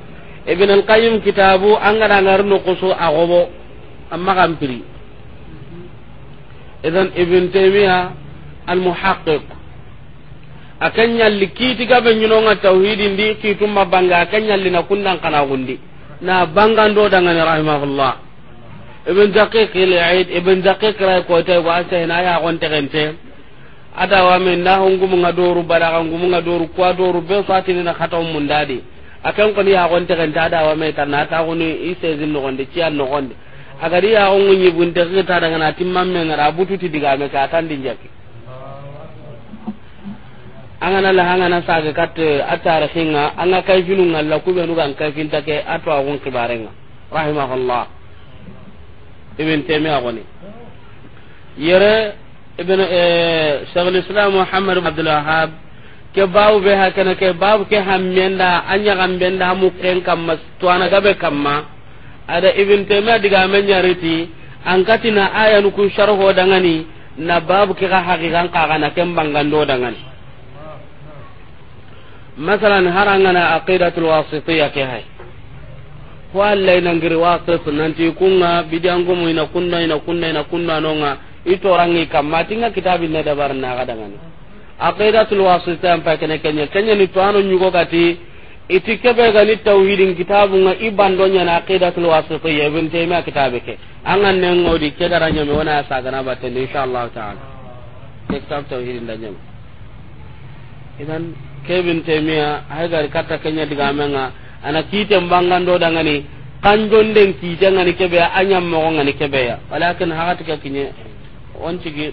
ibn al qayyim kitabu anga da ngar no kusu agobo amma kam piri idan ibn taymiya al muhaqqiq akan yalli kiti nga tauhidin di kitum mabanga akan yalli na kundan kana gundi na bangan do daga ne rahimahullah ibn daqiq al aid ibn daqiq ra ko tay wa na ya gon te ada wa min na hungu mun ga doru ngum ga doru kwa doru be na mun dadi akan ko ni ya gon ada wa me tan na ta ise zin no gonde no gonde agari ya on nyi bunte kita dengan na timmam men ngara butu ti diga me ka tan din jaki angana la hangana saga kat atare singa anga kai finu ngalla ku be nuga kai fin take atwa on kibarenga rahimahullah ibn temi agoni yere ibn eh, shaykh islam muhammad abdul wahhab ke babu be hakana ke babu ke hammenda anya gambenda mu kam mas tuana gabe be ma ada ibn tema diga men nyariti an katina aya nu ku sharho dangani na babu ke ga hakikan ka kana ken bangando dangani masalan harangana aqidatul wasitiyya ke hay ko Allah ina ngiri wasit nanti kunga bidango mu ina kunna ina kunna ina kunna nonga ito rangi kamati nga kitabin na dabar na kadangani aqidatul wasitiyya pa kene kenya kenya ni to nyugo kati iti kebe gani tauhidin kitabu nga ibando nya na aqidatul wasitiyya ibn taymiya kitabe ke an an ne ngodi ke daranya me wana sagana batte insha Allah ta'ala kitab tauhidin da nyam idan ke ibn taymiya ay gar kata kenya diga menga ana kitem bangan do da ngani kanjon den kite ngani kebe anyam mo ngani kebe ya walakin hakati ka kinye onci gi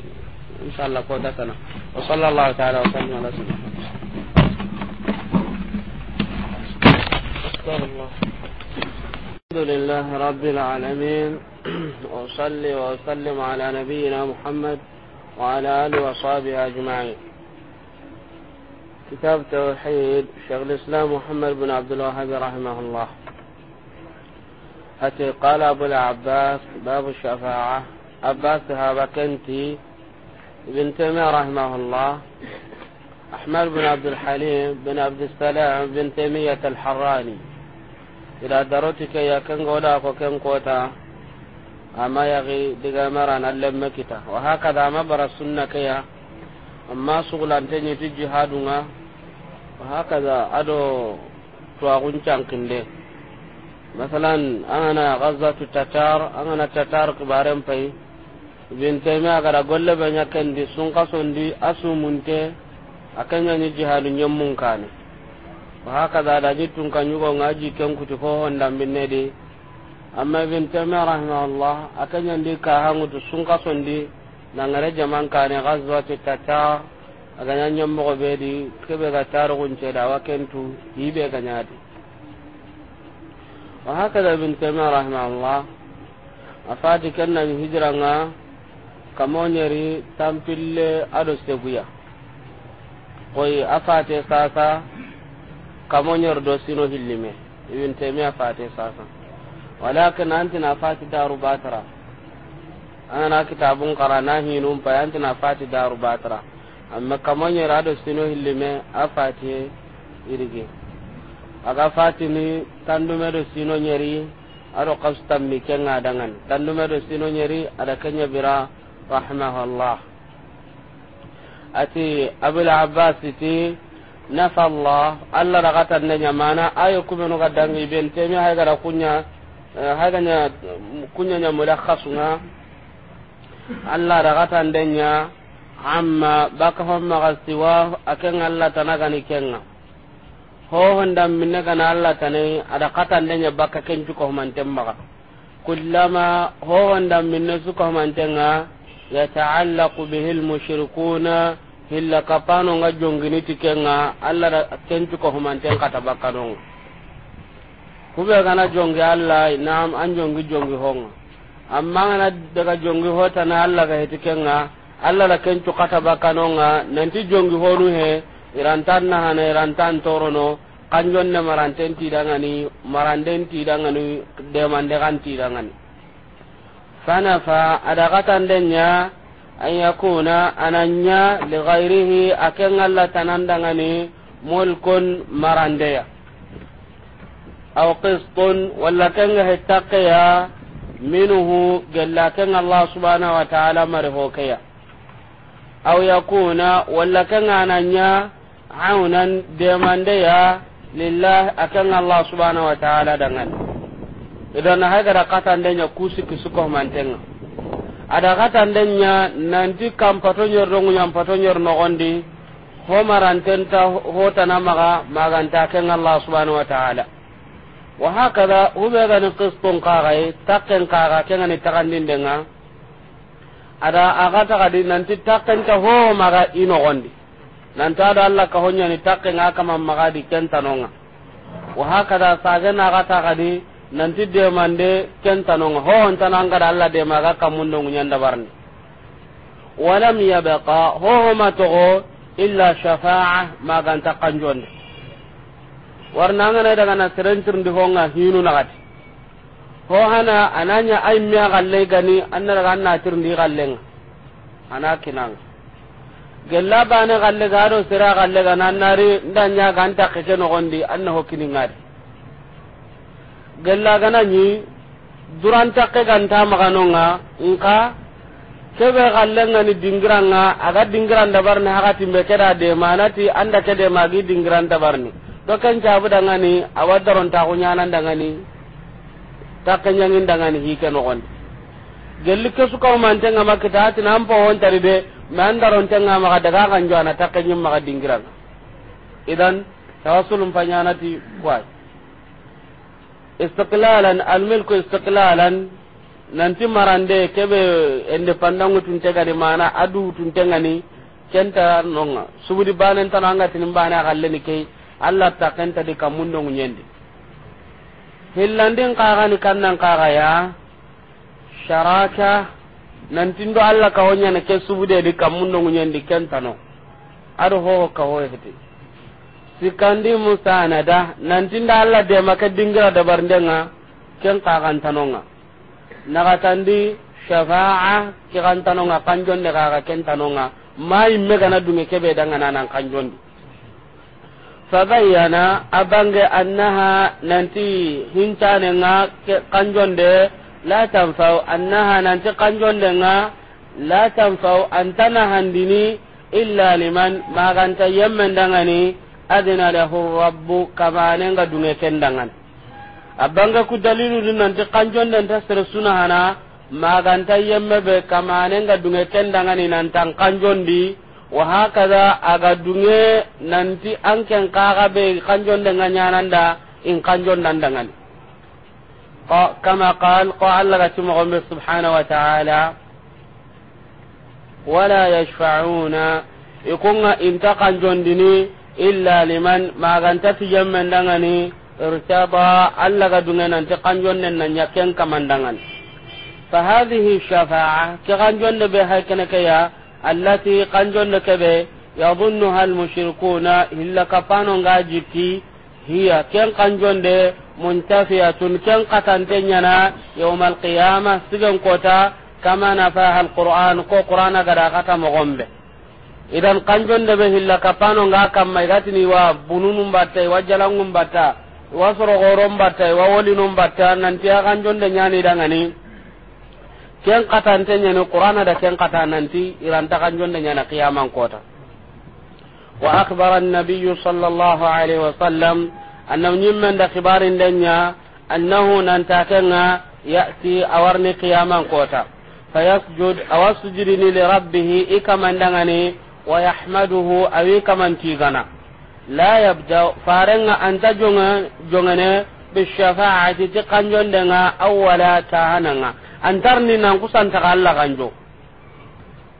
insha Allah ko da sana wa sallallahu ta'ala wa sallama ala sayyidina الله الحمد لله رب العالمين وأصلي وأسلم على نبينا محمد وعلى آله وصحبه أجمعين كتاب توحيد شيخ الإسلام محمد بن عبد الوهاب رحمه الله حتى قال أبو العباس باب الشفاعة عباس كنتي ابن تيمية رحمه الله أحمد بن عبد الحليم بن عبد السلام بن تيمية الحراني ila daroti ke ya kan goda ko kan kota amma yagi diga mara na lemme kita wa da ma bara sunna ke ya amma sugulante ne ti jihadunga wa haka da ado tuwagun kinde masalan angana gazatu tatar ana tatar kibaren pai ibn taymiya gara golle be nyakandi sun asu munte akan ni jihadu nyammun kane وهكذا دجتم كان يقول ناجي كم كتفوه دم بالنادي أما ابن تيمية رحمه الله أكن يندي كاهان تسنقى صندي نغرى جمان كان غزوة التتار أكن ينمغ بيدي كبه تتار غنشي دعوة كنتو يبه كنادي وهكذا ابن تيمية رحمه الله afati kennan hijiranga kamonyeri tampille ado seguya koy afate sasa kamo nyor do sino hillime ibn taymiya fate sasa walakin anti na fati daru batara ana na kitabun qarana hinum pa anti na fati daru batara amma kamo nyor do sino hillime afati irige aga fati ni tandu do sino nyeri aro qastam mi kenga dangan tandu do sino nyeri ada kenya bira rahmahullah ati abul abbas ti nafa allah allah daga tandanya mana ayo kuma nuka dangi ben temi hay gara kunya eh, hay ganya kunya nya mudakhasunga allah daga ndenya, amma baka homma gastiwa akan allah tanaga ni kenga ho honda minna kana allah tanai ada ndenya baka kenju ko man maka. kullama ho honda minna su ko man tenga yata'allaqu bihi al-mushrikuuna hilla kapano nga jongini tikenga alla da kencu ko humanten kata bakkanonga kube gana jongi alla naam an jongi jongi honga amma na daga jongi hota na alla ga hetikenga alla da kencu kata bakkanonga nanti jongi honu he irantan na hana irantan torono kanjon ne maranten dangani maranden ti dangani tidangani demande kan tidangani fanafa adakatan denya an yakuna ananya li ghairihi akan Allah tanandangani mulkun marandeya aw qistun walla kan hittaqiya minhu galla kan Allah subhanahu wa ta'ala marhokaya aw yakuna walla kan ananya aunan demandeya lillah akan Allah subhanahu wa ta'ala dangan idan hagara qatan denya kusi kisuko mantenga ada katan nya nanti kampato ho maranten ta ho tanama maga maganta ken allah subhanahu wa ta'ala wa hakada hubegani kiston kagai takken kaga kengani denga ada agatakadi nanti ta ho maga inogondi nanti ada allah ni takken di ken tanonga wa hakada sagena di. nanti demande ken tanonga oh, ho on tananga da Allah de maga kamundo nyanda barni walam yabqa ho ma togo illa shafa'a maga ta warna warnanga ne daga na serentir ndi honga hinu nagati ho hana ananya ay mi galle gani anna daga na tirndi gallenga ana kinanga gella bana galle garo sira galle gana nari ndanya ganta keke no gondi anna ho kiningari gella gana ni duranta ke ganta nga nka kebe gallenga ni dingiranga aga dingiran dabarni haga timbe keda de manati anda kede magi dingiran dabarni do kan jabu dangani awadaron ta kunya nan dangani takanyangin dangani hike no gon gelli ke suka mante ngama kita ati nampo hon tari de daron mandaron tenga maka daga kan jona takanyim maka dingiran idan tawassulum ti kwai istiqlalan almilku istiqlalan nanti marande kebe pandangu tun tegani mana adu tun tegani kenta nonga subudi banen tan anga tin bana galle ni kei alla ta kenta di kamundo nyendi hillandin kaga ni kannan kaga ya sharaka nanti ndo alla ka wonya ne ke subude di kamundo nyendi kenta no adu ho ka ho hete sikandi musanada nda alla dema ke dingira dabarndenga ken kakantanonga nakatandi shafa'a kikantanonga kanjonde kaka kentanonga ma imme gana dunge kebe dangana nan kanjondi fabayana abange annaha nanti hincanenga de la tanfau annaha nanti nga la tanfau antana handini illa liman maganta dangani. adina lahu rabbu kabanenga dunge kendangan abanga ku dalilu nanti kanjon dan tasere suna hana maganta yamma be kamanenga dunge kendangan ni nantan kanjon di wa hakaza aga dunge nanti anken kaga be kanjon dengan nyananda in kanjon dandangan ko kama qal ko Allah ga tuma gombe subhanahu wa ta'ala wala yashfa'una ikunga inta kanjon dini illa liman maganta tijammen dangani irtaba alla ga dungen anti kanjonnen nan yaken kamandangan fa hadhihi shafa'a ke kanjonne be hakene kaya allati kanjonne kebe yadhunnuha almushrikuna illa kapano ngajiki hiya ken kanjonde muntafiyatun ken katantenyana yawmal qiyamah sigan kota kama nafaha alquran ko qur'ana gada kata mogombe idan kanjon be hilla kapano nga kamma igatini wa bununum batta wa jalangum batta wa sorogoron batta wa wolinum batta nan a kanjon de nyani dangani ken te nyani qur'ana da ken kata nanti ta kanjon de nyana qiyamang kota wa akhbara an-nabiy sallallahu alaihi sallam annahu nyimmen da khibarin denya annahu ta kenga ya'ti awarni qiyamang kota fayasjud awasjudini li rabbih ikamandangani ويحمده أوي كمن تيغنا لا يبدأ فارنا أنت جونغنا بالشفاعة تقن جندنا أولا تانا أنترني ننقص أنت غالا غنجو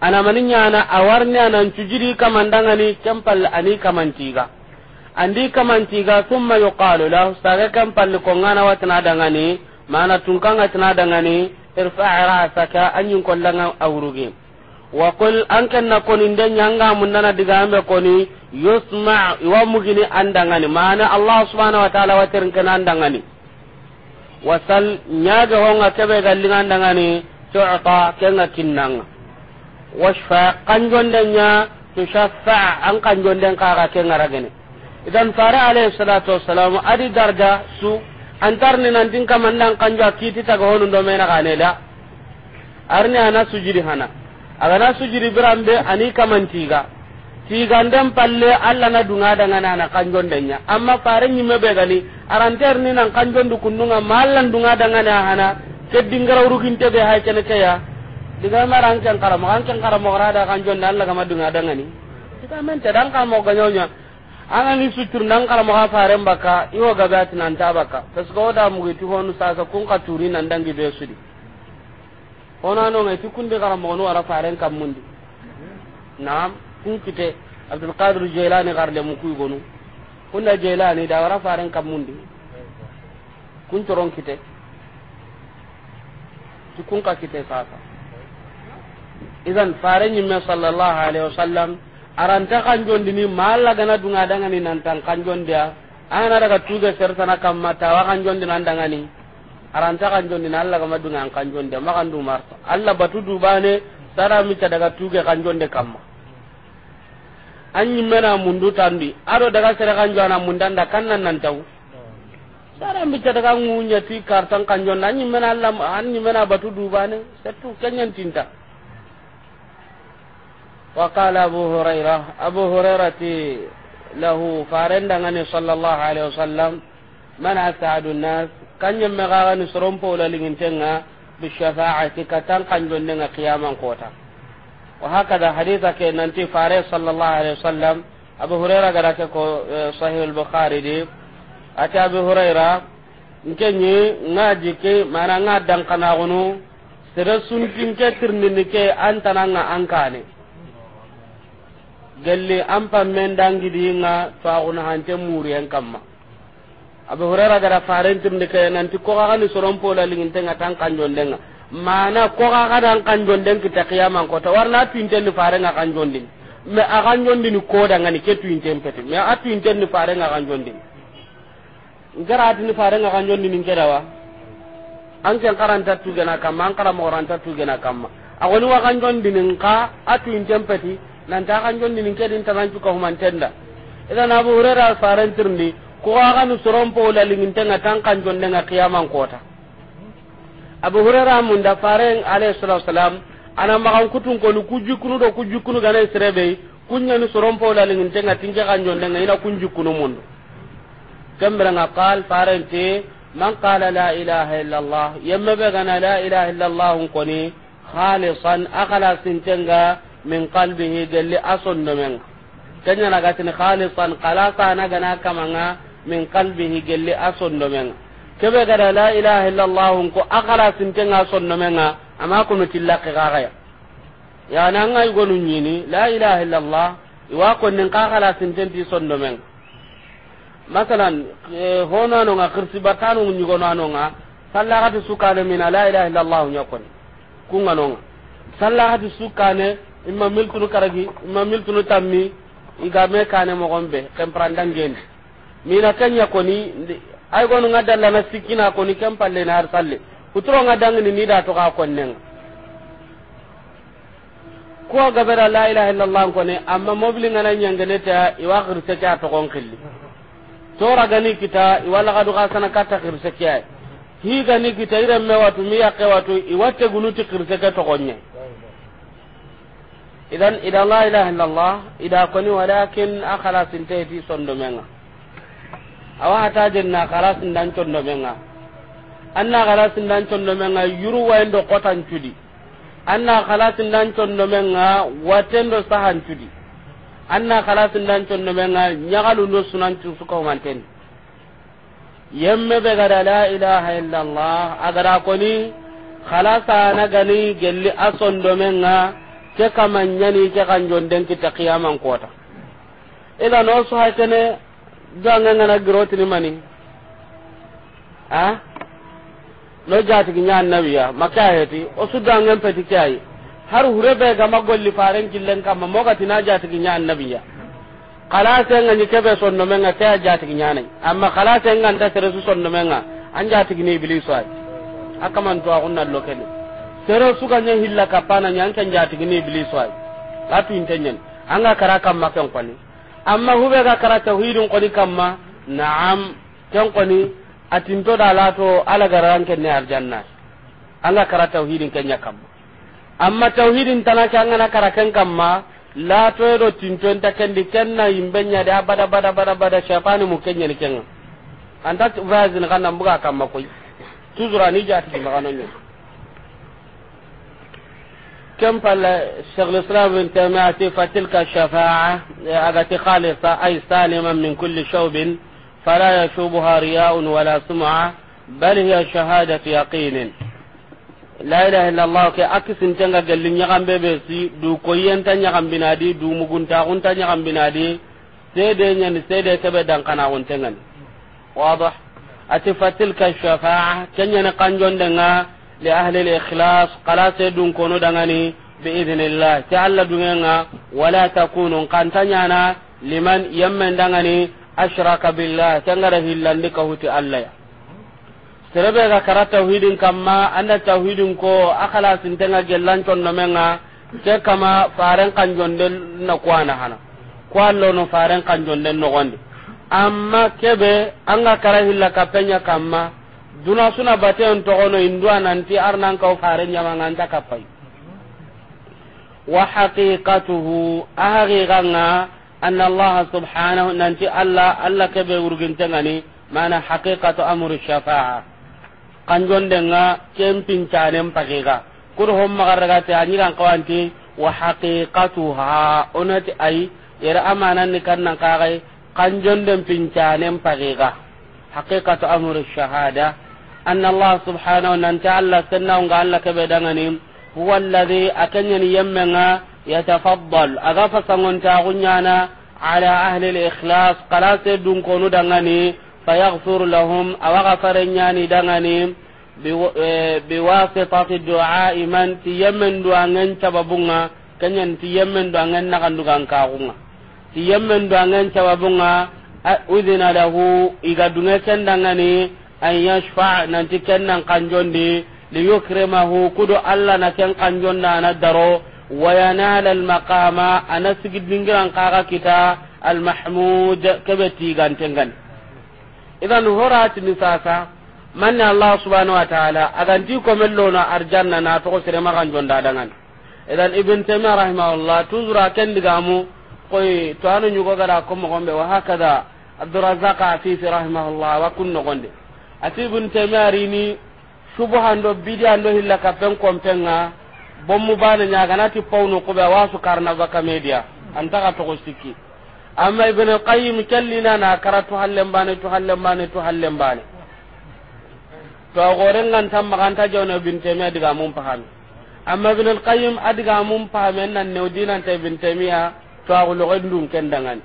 ana maninya na awarni anan tujiri kamandanga ni kempal ani kamantiga andi kamantiga thumma yuqalu lahu saga kempal ko ngana watna dangani mana tunkanga tna dangani irfa' ra'saka anyun kollanga awrugi wa qul an kanna koni den nyanga munana diga ambe koni yusma wa mugini andangani mana allah subhanahu wa ta'ala wa tirin kana andangani wasal nyaga honga kebe galinga andangani tu'ta kenga kinnanga washfa kanjondenya tushaffa an kanjonden kaga kenga ragene idan fara alaihi salatu wassalamu adi darga su antarni nantin kamandan kanjo akiti taga honun do mena kanela arni ana sujudi hana agana sujudi birambe ani kaman tiga tiganden palle alla na dunga dangana na denya amma fare ni be gani aranter ni nan du kunnunga mallan dunga dangana hana keddingara uruginte be hay kene kaya diga marang kan karam kan kan da kanjon dan allah kama dunga dangani kita men tedang karamo ganyonya ana ni sutur nan karam ha fare mbaka iwo gagat nan tabaka tasgo da mugi honu sasa kun katuri nan dangi be sudi ona no ngai tikundi garam mo no ara faren kam mundi naam kun kite abdul qadir jilani garle mu kuy gonu kunna jilani da ara faren kam mundi kun toron kite tikun ka kite sasa idan faren nyimme sallallahu alaihi wasallam aranta kan jondi ni malla gana dunga dangani nan tan kan jondia ana daga tuga sertana kamma wa kan jondi nan ni. aranta kan jonni na Allah kama dunga kan jonde makan du marta Allah batu du bane sara mi ta daga tuge kan jonde kamma anyi mena mundu tandi aro daga sere kan jona mundanda kannan nan taw sara mi ta daga ngunya ti kartan kan jonna anyi mena Allah anyi mena batu du bane setu kanyan tinta wa qala abu hurairah abu hurairati lahu farendangani sallallahu alaihi wasallam mana asadu nas kanyen magaga ni soron pola lingintenga bi shafa'ati katan kanjon denga qiyaman kota wa hakada haditha ke nanti fare sallallahu alaihi wasallam abu hurairah gara ke ko eh, sahih al-bukhari di ati abu hurairah nkenyi ngaji ke mana ngadang kana gunu sere suntin ke tirnini ke antananga ankane gelli ampa di nga to agunu hante muriyen kamma abu hurera gara de ke nanti koxaxani soronpola liŋintenga tan kanjondenga mana koxaxadan kanjonden kita ko to warna ni tuintenni kanjon kanjondini me a ko da ngani ke tinten peti me a ni tuintenni faren ga ngaratini farenga kanjondini nkedawa an ken karanta gena kam an gena kam a woni wa kanjondini nka a tuinten peti nanta a kanjondini kedin tanancuka humantenda idan abu hurera tirni ko aga nu soron po la limin tanga tan kan jonde nga qiyamang kota abu hurairah mun da faren alayhi salatu wasalam ana magan kutun ko ku jukunu do ku jukunu gane serebe kunya nu soron po la limin tanga tinje kan jonde nga ina kun mun kambra nga qal faren te man qala la ilaha illa allah yamma be gana la ilaha illa allah ko ni khalisan akala sintenga min qalbihi galli ason no men kanya na gatin khalisan qalasa na gana kamanga min qalbihi gelli asondo menga kebe gada la ilaha illa allah ko akala sintenga asondo menga ama kunu tillaqi gaga ya nan ay gonu nyini la ilaha illa allah iwa ko nin kakala sintenti sondo men masalan e, hono no nga kirsi batanu nyugo anu nga sallagati sukane min la ilaha illa allah nyakoni kunga no nga sallagati sukane imma milkunu karagi imma milkunu tammi igame kane mogonbe kemprandangendi mina kanya koni ay gonu ngadda la sikina koni kam palle na har salle kutro ngadang ni nida to ka konnen ko gabara la ilaha illallah koni amma mobli ngana nyangene ta iwa khirse ka to kon khilli to ragani kita iwala kadu kasana kata khirse ka hi gani kita me watu miya ke watu iwatte gunuti khirse ka to konye idan idan la ilaha illallah ida koni walakin akhlasin tayti sondomenga awa ta jenna khalas ndan condo menga anna khalas ndan condo menga yuru wayndo kotan cudi anna khalas ndan condo menga watendo sahan cudi anna khalas ndan condo menga nyagalu no sunan cu suko manten yemme be gara la ilaha illa allah agara koni khalasa na gani gelli do menga ke kamanyani ke den kita qiyamang kota ila no so hakene do anga ngana ni mani a no jatigi nya annabiya maka heti o su do anga peti kai har hure be ga magolli faren killen kamma mo gati na jatigi nya annabiya kala senga ni kebe sonno menga ta jatigi nya nai amma kala senga nda tere su sonno menga an jatigi ne iblis wa akaman to agunna lokene tere su ganya hilla kapana nyankan gi ne iblis wa latu intenyen anga kara kam makan kwani amma hube ga kara tauhidin koni kamma na'am tan koni atin to da lato ala garan ken ne arjanna anga kara tauhidin kenya kamma amma tauhidin tanaka anga na kara ken kamma lato e do tinton ta kendi kenna imbenya da bada bada bada bada syafani mu kenya ni kenga anda vazin kana buka kamma koi tuzura ni jati magano nyo كم فل الشيخ الاسلام بن تيميه فتلك الشفاعه اغت خالصه اي سالما من كل شوب فلا يشوبها رياء ولا بل هي يقين li ahli al-ikhlas qalase dun kono dangani bi idhnillah ta alla dungenga wala takunu na liman yamman dangani ashraka billah tangara hillandi ka huti Allah ya serebe ga kara tauhidin kamma anda tauhidin ko akala sintenga gellan tonno menga ke kama faren kanjon den na kwana hana ko allo no faren kanjon den no gonde amma kebe anga kara hilla kapenya kamma duna suna baten togono indua nanti arnan kau fare ta kapai wa haqiqatuhu na. anna allaha subhanahu nanti allah allah kebe urgintengani mana haqiqatu amru shafa'a kempin canem pakega kur homma garagati anyigan kawanti wa haqiqatuha onati ai yara amananni kannan kagai den pincanem pakega haqiqatu amru shahada أن الله سبحانه وتعالى سنة قال لك بدنني هو الذي أكنن يمنا يتفضل أغفى سنتاغنيانا على أهل الإخلاص قلاس دون كونو دنني فيغفر لهم أو غفرنياني دنني بواسطة الدعاء من تيمن دوانن تبابونا كنن تيمن دوانن نغندوغان كاغونا تيمن دوانن تبابونا أذن له إذا دنسن دنني an yashfa kanjon kennan li yukrimahu kudo allah na ken na ana daro al maqama ana sigidingiran kaga kita mahmud kebe gantengan idan ni sasa manni allah subhanahu wa taala mello na arjanna na togo sirema kanjonda dangan idan ibn taimia rahimahullah tuzra ken kendigamu koy to anu gara ko gombe wa hakada abdurrazzaq afifi rahimahullah wa kun gonde ati ibn taymiya rini bidi ando hilla kapen kompenga bommu bana pawno ko be wasu karna baka media antaka togo sikki amma ibn qayyim kallina na karatu hallem bane to hallem bane to hallem bane to a gorengan tan maganta jawna ibn taymiya diga mum paham amma ibn qayyim adiga mum pahami nan new dinanta ibn taymiya to a gulogo ndum kendangan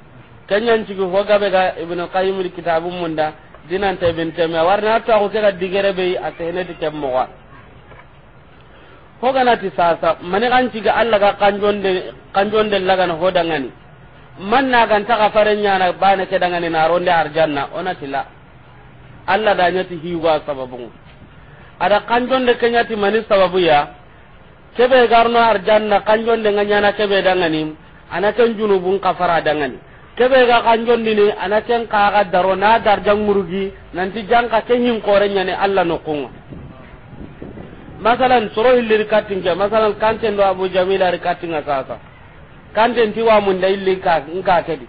kanyan ci go gabe ga ibn qayyim kitabum munda dinan ta bin ta ma warna ta ko kira digere be atene ti kem mo ko gana ti sasa mani kan ci ga Allah ga kanjonde kanjonde laga na dangani man na gan ta kafaren yana na ke dangane na ronde arjanna ona tila Allah da nyati hiwa sababun ada kanjonde kenyati mani sababu ya kebe garno arjanna kanjonde nganya na kebe dangani ana kan junubun kafara dangani kebe ga kanjon ni ka kaga daro na dar jang murugi nanti jangka kenyin korenya ne alla nokunga masalan soro hilli rikatin ja masalan kanten do abu jamila rikatin ga sasa kanten tiwa mun da illi ngka nka tedi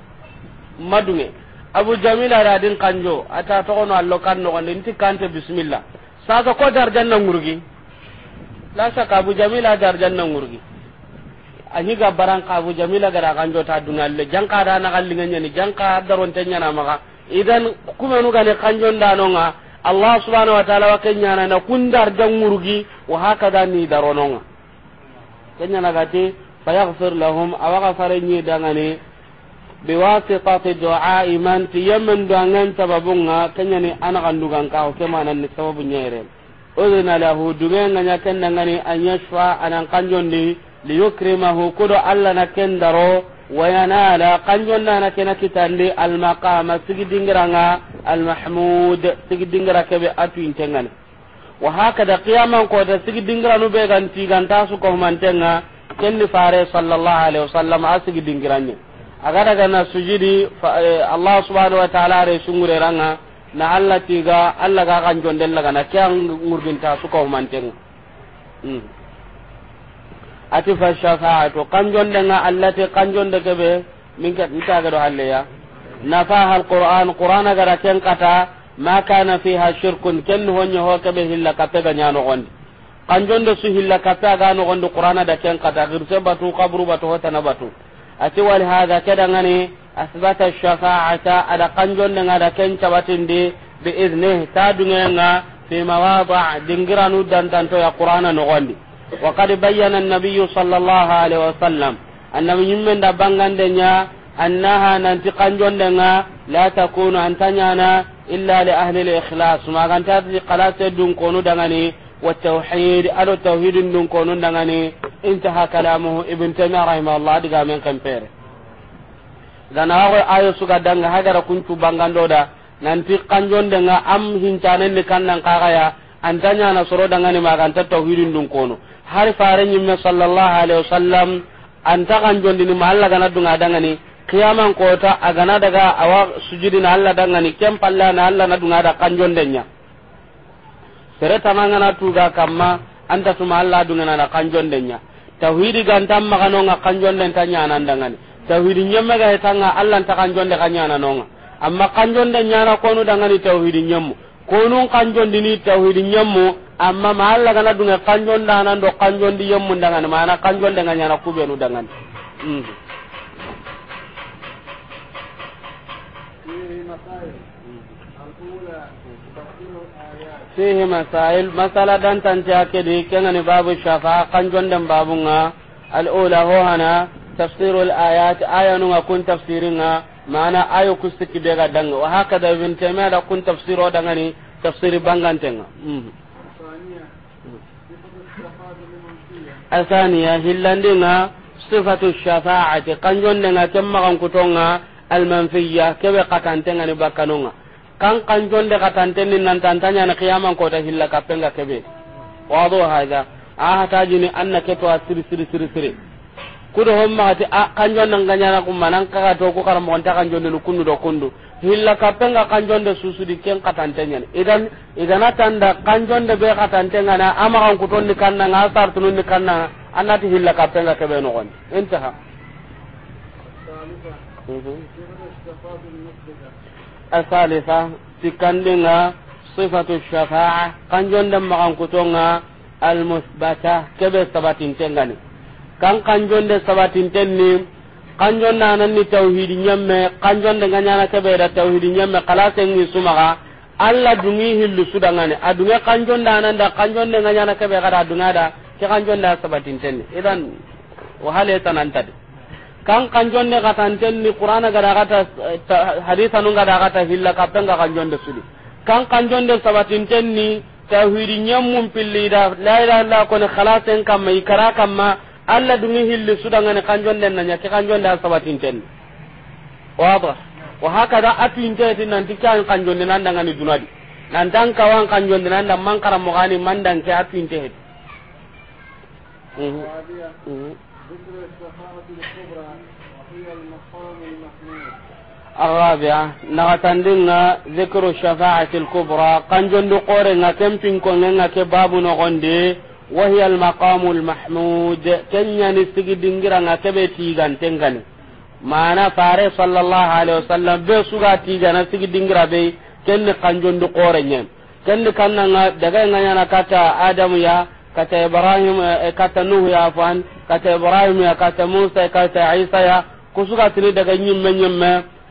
madunge abu jamila radin kanjo ata to ono allo kan no kan nanti kante bismillah sasa ko dar na murugi la saka abu jamila dar na murugi anyi ga baran kabu jamila gara kanjo ta dungalle janka da na kallinga nyani janka daron tanya na maka idan kuma nu gane kanjo nga allah subhanahu wa ta'ala wa kenya na kundar jangurugi wa da ni darononga kenya na gati fayaghfir lahum awaga farenyi dangane biwasitati du'a man ti yaman duangan sababunga kenya ni ana kandugan ka o kemanan ni sababu ire udhina lahu dungen nganya kenna ngani an yashfa anan ni. liyukrimahu kudo alla na kendaro wayanala na kena kitandi almaqama sigi dingiranga almahmud sigi dingira atu atuintengani wa hakada qiyaman da sigi dingiranu be ganti ganta su kohmantenga kenni fare sallallahu alaihi wasallam a aga daga na sujudi eh, allah subhanahu wa ta'ala re sungure ranga na allah tiga allah ga kanjonde laga kyang kyan ngurginta su kohmantenga mm. ati fa shafa'atu kanjon denga allati kanjon de kebe min ka nta gado halle ya nafaha alquran qur'ana gara ken kata ma kana fiha shirkun ken honyo ho kebe hilla kape ga nyano on kanjon de su hilla ta ga no gondi qur'ana da ken kata girse batu qabru batu hota na batu ati wal hada kada ngani asbata shafa'ata ada kanjon denga da ken di bi iznihi ta nga fi mawadi dingiranu dantanto ya qur'ana no gondi وقد بين النبي صلى الله عليه وسلم أن من يمن دبان أنها ننتقن جندنا لا تكون أنتنيانا إلا لأهل الإخلاص ما كانت هذه قلاة دون كونو دغني والتوحيد ألو توحيد دون كونو دغني انتهى كلامه ابن تيمية رحمه الله دقا من كمبير dana ago ayo suga danga hagara kuncu bangando da nanti kanjon denga am hincanen ni kannan kagaya antanya na soro danga ni maganta tauhidin dun kono har fare nyimme sallallahu alaihi wasallam anta kan jondini ma Allah gana dunga dangani kiyaman kota agana daga awa sujudina Allah dangani kem palla na Allah na dunga da kan jondenya sere tamangana tuga kamma anta suma Allah dunga na kan jondenya tauhidi gantam magano nga kan jonden tanya anandangani tauhidi nyemma ga hetanga Allah ta kan jonde kan nyana nonga amma kan jonde nyana konu dangani tauhidi nyemmu konun kanjondi dini tawhidi nyammu amma ma Allah kana dunga kanjon dana do kanjon di yammu dangan mana kanjon dengan nyana kubenu dangan hmm. فيه مسائل مسألة دان تنتهي كان باب mana ayo kustiki bega danga wa hakada ibn taymiya da kun tafsiro danga ni tafsiri bangantenga mm asaniya hillandinga sifatu shafa'ati kanjondenga temma kan kutonga almanfiya kebe katantenga ni bakkanonga kan kanjonde katanteni nan tantanya na qiyaman kota hilla kapenga kebe wado hada a ni anna ketwa siri siri siri siri kudo hom magati a kanjon nan ganyana kumma nan kaga to ko karam on ta kanjon nu kundu do kundu hilla kapenga kanjon de susu di ken katantenya idan idan atanda kanjon de be katantenga na ama kan kuton ni kanna nga sar tunun ni kanna anati hilla kapenga kebe no gon intaha mhm. asalisa tikandinga sifatu shafa'a kanjon de makan kutonga almusbata kebe sabatin tengani kan kanjonde nan ni kanjonde ananni tawhidi ñemme da tauhid nyamme kala sen ni sumaga alla dungi hillu sudangani adunge kanjonde ananda kanjonde gañana keɓe kada adungada ke kanjonde a tenni idan wahale tanantadi kan kanjonde tenni qur'ana gada gata hadisa nu gada gata hilla kappenga kanjonde sudi kan tenni tauhid tawhidi pilli da la ilaha illa kone kalasen kamma ikara kamma alla dungi hilli sudangani kanjonden nanya ke kanjonde a sabatinten waba wa hakada atuinteeti nanti kan kanjonde nandangani dunadi nantan kawan kanjonde nanda man karamogani mandanke atuinteeti الرابعة نغتندنا ذكر الشفاعة الكبرى قنجند قورنا كم في كوننا نغندي وهي المقام المحمود كنيا نسيغي دنجرانا كبه تيغان تنغاني معنى فاري صلى الله عليه وسلم بي سوغا تيغانا سيغي دنجرا بي كن قنجون دو قورن كن كان دغاي نانا كاتا ادم يا كاتا إبراهيم كاتا نوح يا فان كاتا إبراهيم يا كاتا موسى كاتا عيسى يا kusuga tini daga nyimme nyimme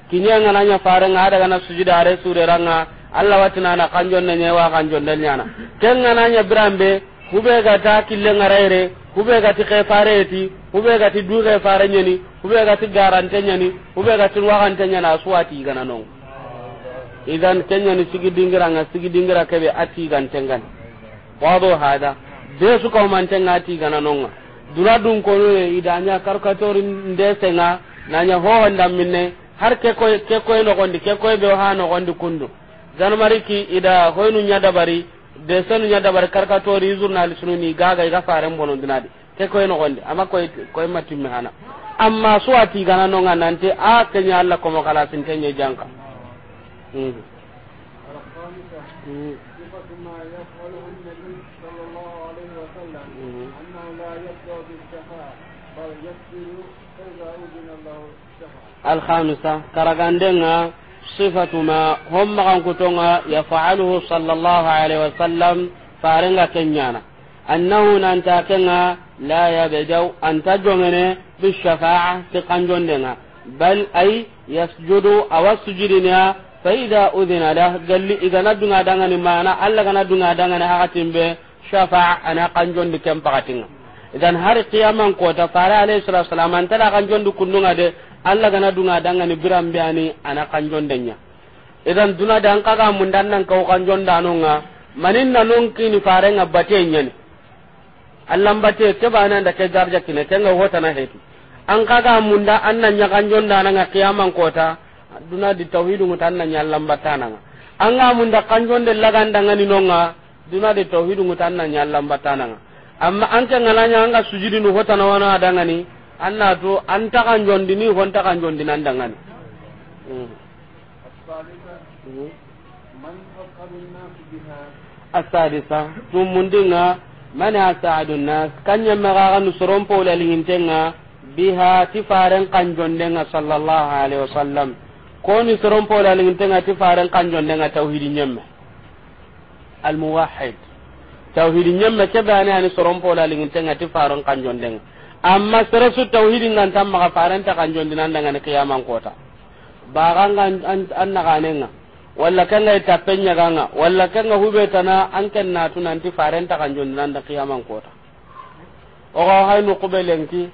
kinya ngana nya farenga daga na sujuda are sureranga Allah watina na kanjon na nyewa kanjon dalnyana kenga na nya birambe kube ga ta kille ngaraire kube ga ti khefare ti kube ga ti duure khefare nyani kube ga ti garante nyani kube ga ti wahante nyana suwati gana non idan kenya ni sigi dingira nga sigi dingira kebe ati tengan wado hada de su ko man tenga ati gana non dura dun ko ne idanya karkatori ndese nga nanya ho wanda minne har ke ko ke ko e no gondi ke ko e be ha no gondi kundu mariki ida hoynu nyada bari de sonu nya dabar barkar ka to ri journal sunu ni gaga ga faran bono dinadi te koy no gonde amma koy koy matim hana amma suati gana no nante a kenya alla ko mo kala sin kenya janka mm الخامسة كرغاندنا صفة ما هم مغان كتونغا يفعله صلى الله عليه وسلم فارنا كنيانا أنه نانتا كنا لا يبدو أن تجمعنا بالشفاعة تقنجننا بل أي يسجد أو سجدنا فإذا أذن له قال لي إذا ندنا دنا ما أنا ألا ندنا دنا هاتين به شفاع أنا قنجن بكم بقتنا إذا هر قياما قوة فارا عليه الصلاة والسلام أنت لا قنجن كنونا alla gana dunga dangani biram biani ana kanjondenya idan duna dan kaga mun dan nan kau kanjondanonga manin na non kini farenga batenyen allah bate ke bana da ke garja kine nga hota na hetu an kaga mun da an annan nya kanjondananga kiyaman kota duna di tauhidu mutanna nya allah batananga an ga mun da kanjonde lagandangani nonga duna di tauhidu mutanna nya allah batananga amma an ke ngalanya an ga sujudi nu hota na wana ni anna to an ta kan jondi ni hon ta kan jondi nan dangan hmm. man faqaduna biha asadisa tum mundinga man asadun nas kan yamma ga kan surum pola li hintenga biha tifaren kan nga sallallahu alaihi wasallam ko ni surum pola li hintenga tifaren kan jonde nga tauhidi nyamma al muwahhid tauhidi nyamma ke bana ni surum pola li hintenga tifaren kan nga amma sere su tauhidi ngan tamma ka faran ta kan jondi nan dangane kiyaman kota ba kan an an na kane nga walla kan ngai tapen nya kan walla kan ngai hube tana an kan na tu nan ti faran ta kan jondi nan da kiyaman kota o ga hay nu kubelenki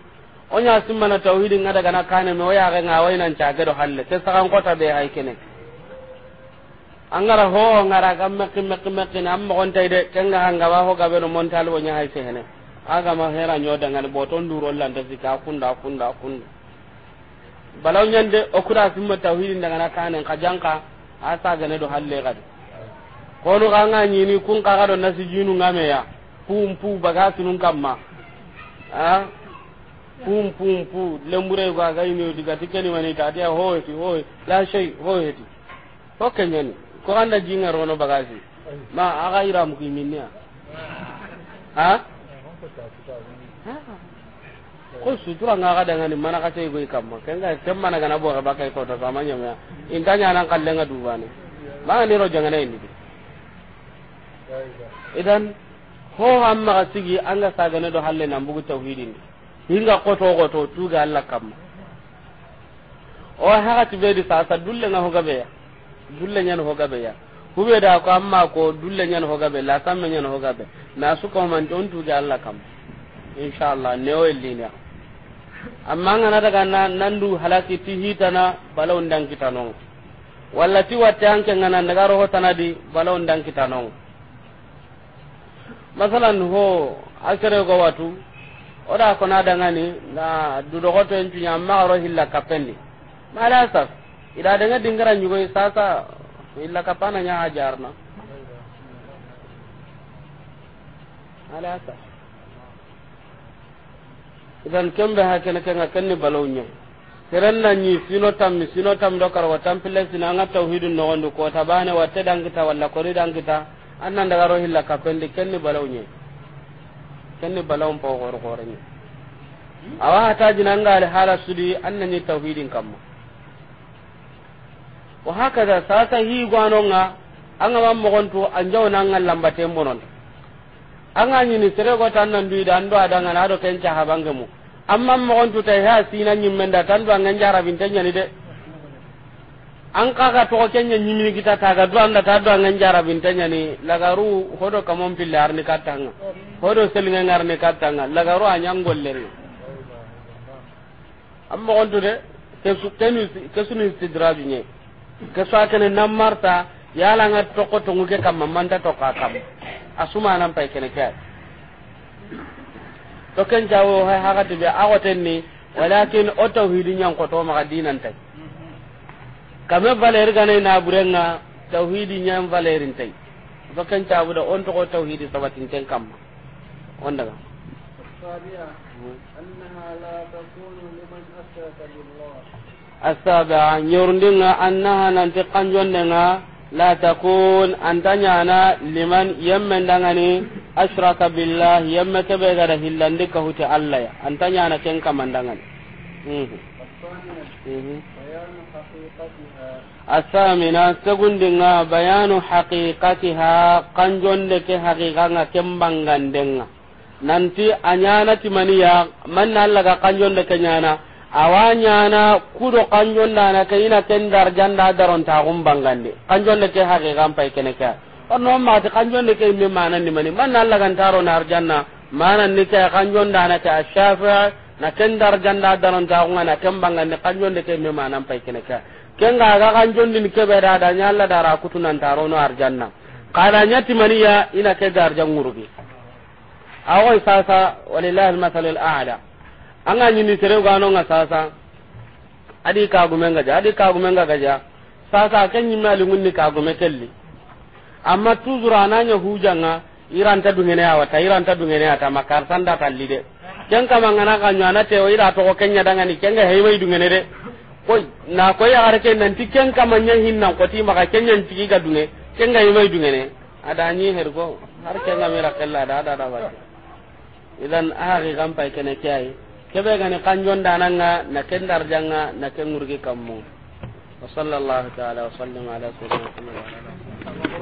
onya simma na tauhidi ngada gana kane me waya ga ngai wayna cha gado halle te sakan kota be hay kene angara ho ngara gamme kimme kimme kin amma kontaide kan ga hanga ba ho gabe no montalo nya hay sehene aga ma hera nyo dangan boton duro landa zika kunda kunda kunda balaw nyande okura simma tawhidin daga na kanen kajanka asa gane do halle gadi kono ga nga nyini kun ka gado nasi jinu ngame ya pum pum baga sunun kamma ha pum pum pu lembure ga ga ni diga tikeni mani ta dia hoye ti hoye la shay hoye ti to nyani ko anda jinga rono bagasi ma aga iram mu kiminnya ha ko sutura nga ga daga ni mana ka tay goy kamma kenga temma na gana bo ga bakai ko to sama nyama intanya nan kallenga dubani ba e ni ro jangana indi idan ho hamma ga sigi an ga ne do halle nan bugu tauhidin hinga ko to ko to tuga Allah kamma o haga ti be di sa dulle nga ho ga be ya dulle nyen ho ga be ya hube da ko amma ko dulle nyen ho ga be la tamme nyen ho ga be na su ko man don tuga Allah kamma inshallah ne o elina amma ngana daga na nandu halaki ti hitana balaw ndang kitano wala ti watte anke ngana daga roho tanadi balaw ndang kitano masalan ho asere go watu oda kona dangani na dudogoto en tunya amma ro hilla kapenni mala saf ida danga dingara nyugo sasa hilla kapana nya ajarna mala saf idan kembe ha kene kenga kenni ɲɛ seren na ni sino tam sino tam do wa tam pille sina anga tauhidun no gondo ko tabane watte dangita walla kori dangita annan daga ro la ka pende kenni balawnya kenni ɲɛ. a gor gornya awa hata jinanga al hala sudi annan ni tauhidin kamma wa sa sasa hi gwanonga anga mam an anjaw nanga lambaten bononta an anga ni sere ko tan nan duida ando adanga na do ken caha bangemu amma mo on tuta ha sina nyimmen da tan do angan jara binta nyani de an kaga to ko kenya nyimini kita taga do anda ta do angan jara binta nyani lagaru hodo kamon pillar ni katanga hodo selinga ngar ni katanga lagaru anyang golleri amma on tude kesu kenu kesu ni sidraju nye kesu akene namarta yala ngat to ko to nguke kamma manta to ka kamma nan pay kene ke to ken jawo hay haga to be agoten ni walakin o tauhidi nyan ko to ma dinan tay kame valer gane na burenga tauhidi nyan valerin tay to ken jawo da on to ko tauhidi sabatin ken kam on daga أنها لا تكون لمن أشرك بالله السابعة يرندنا أنها ننتقن جندنا la takun antanyana liman yamma dangani ashraka billah yamma tabe gara hillandi ka huta allah ya antanyana ken dangane. asamina segundinga bayanu haqiqatiha kanjonde ke haqiqanga kembangandenga nanti anyana ya manna allah ga kanjonde ke nyana awa ñana kudo ten dar ina ken ta gum bangande kanjonde ke haqiqan pay kene ke warno maxati kanjonde ke Allah kan taro na arjanna mananni ke ta kanjon da na ken ta gum na ken bangande kanjonde ke imme manan pay kene ke kengaga kanjondini keɓe dada ñalla dara kutunantarono arjanna mani ya ina ke dar jangurubi awai sasa walillahi almasalu al ala anga nyini tere ga no nga sasa adi ka nga ja adi ka gumenga ga ja sasa ken nyima lingun munni ka gume kelli amma tuzura ananya hujanga iran ta dungene awa ta iran ta dungene ata makar sanda talli de jang ka mangana ka nyana te o ira to ko kenya danga ni kenga hewe dungene de koy na koy ara ke nan ti ka manya hinna ko ti maka kenya ntiki ga dunge kenga hewe dungene ada nyi hergo har kenga mera kella da da da ba idan ahari gampai kene kai kebe gani kanjon dananga na ken darjanga na ken ngurgi kammu wa sallallahu ta'ala wa sallam ala sayyidina muhammad wa ala alihi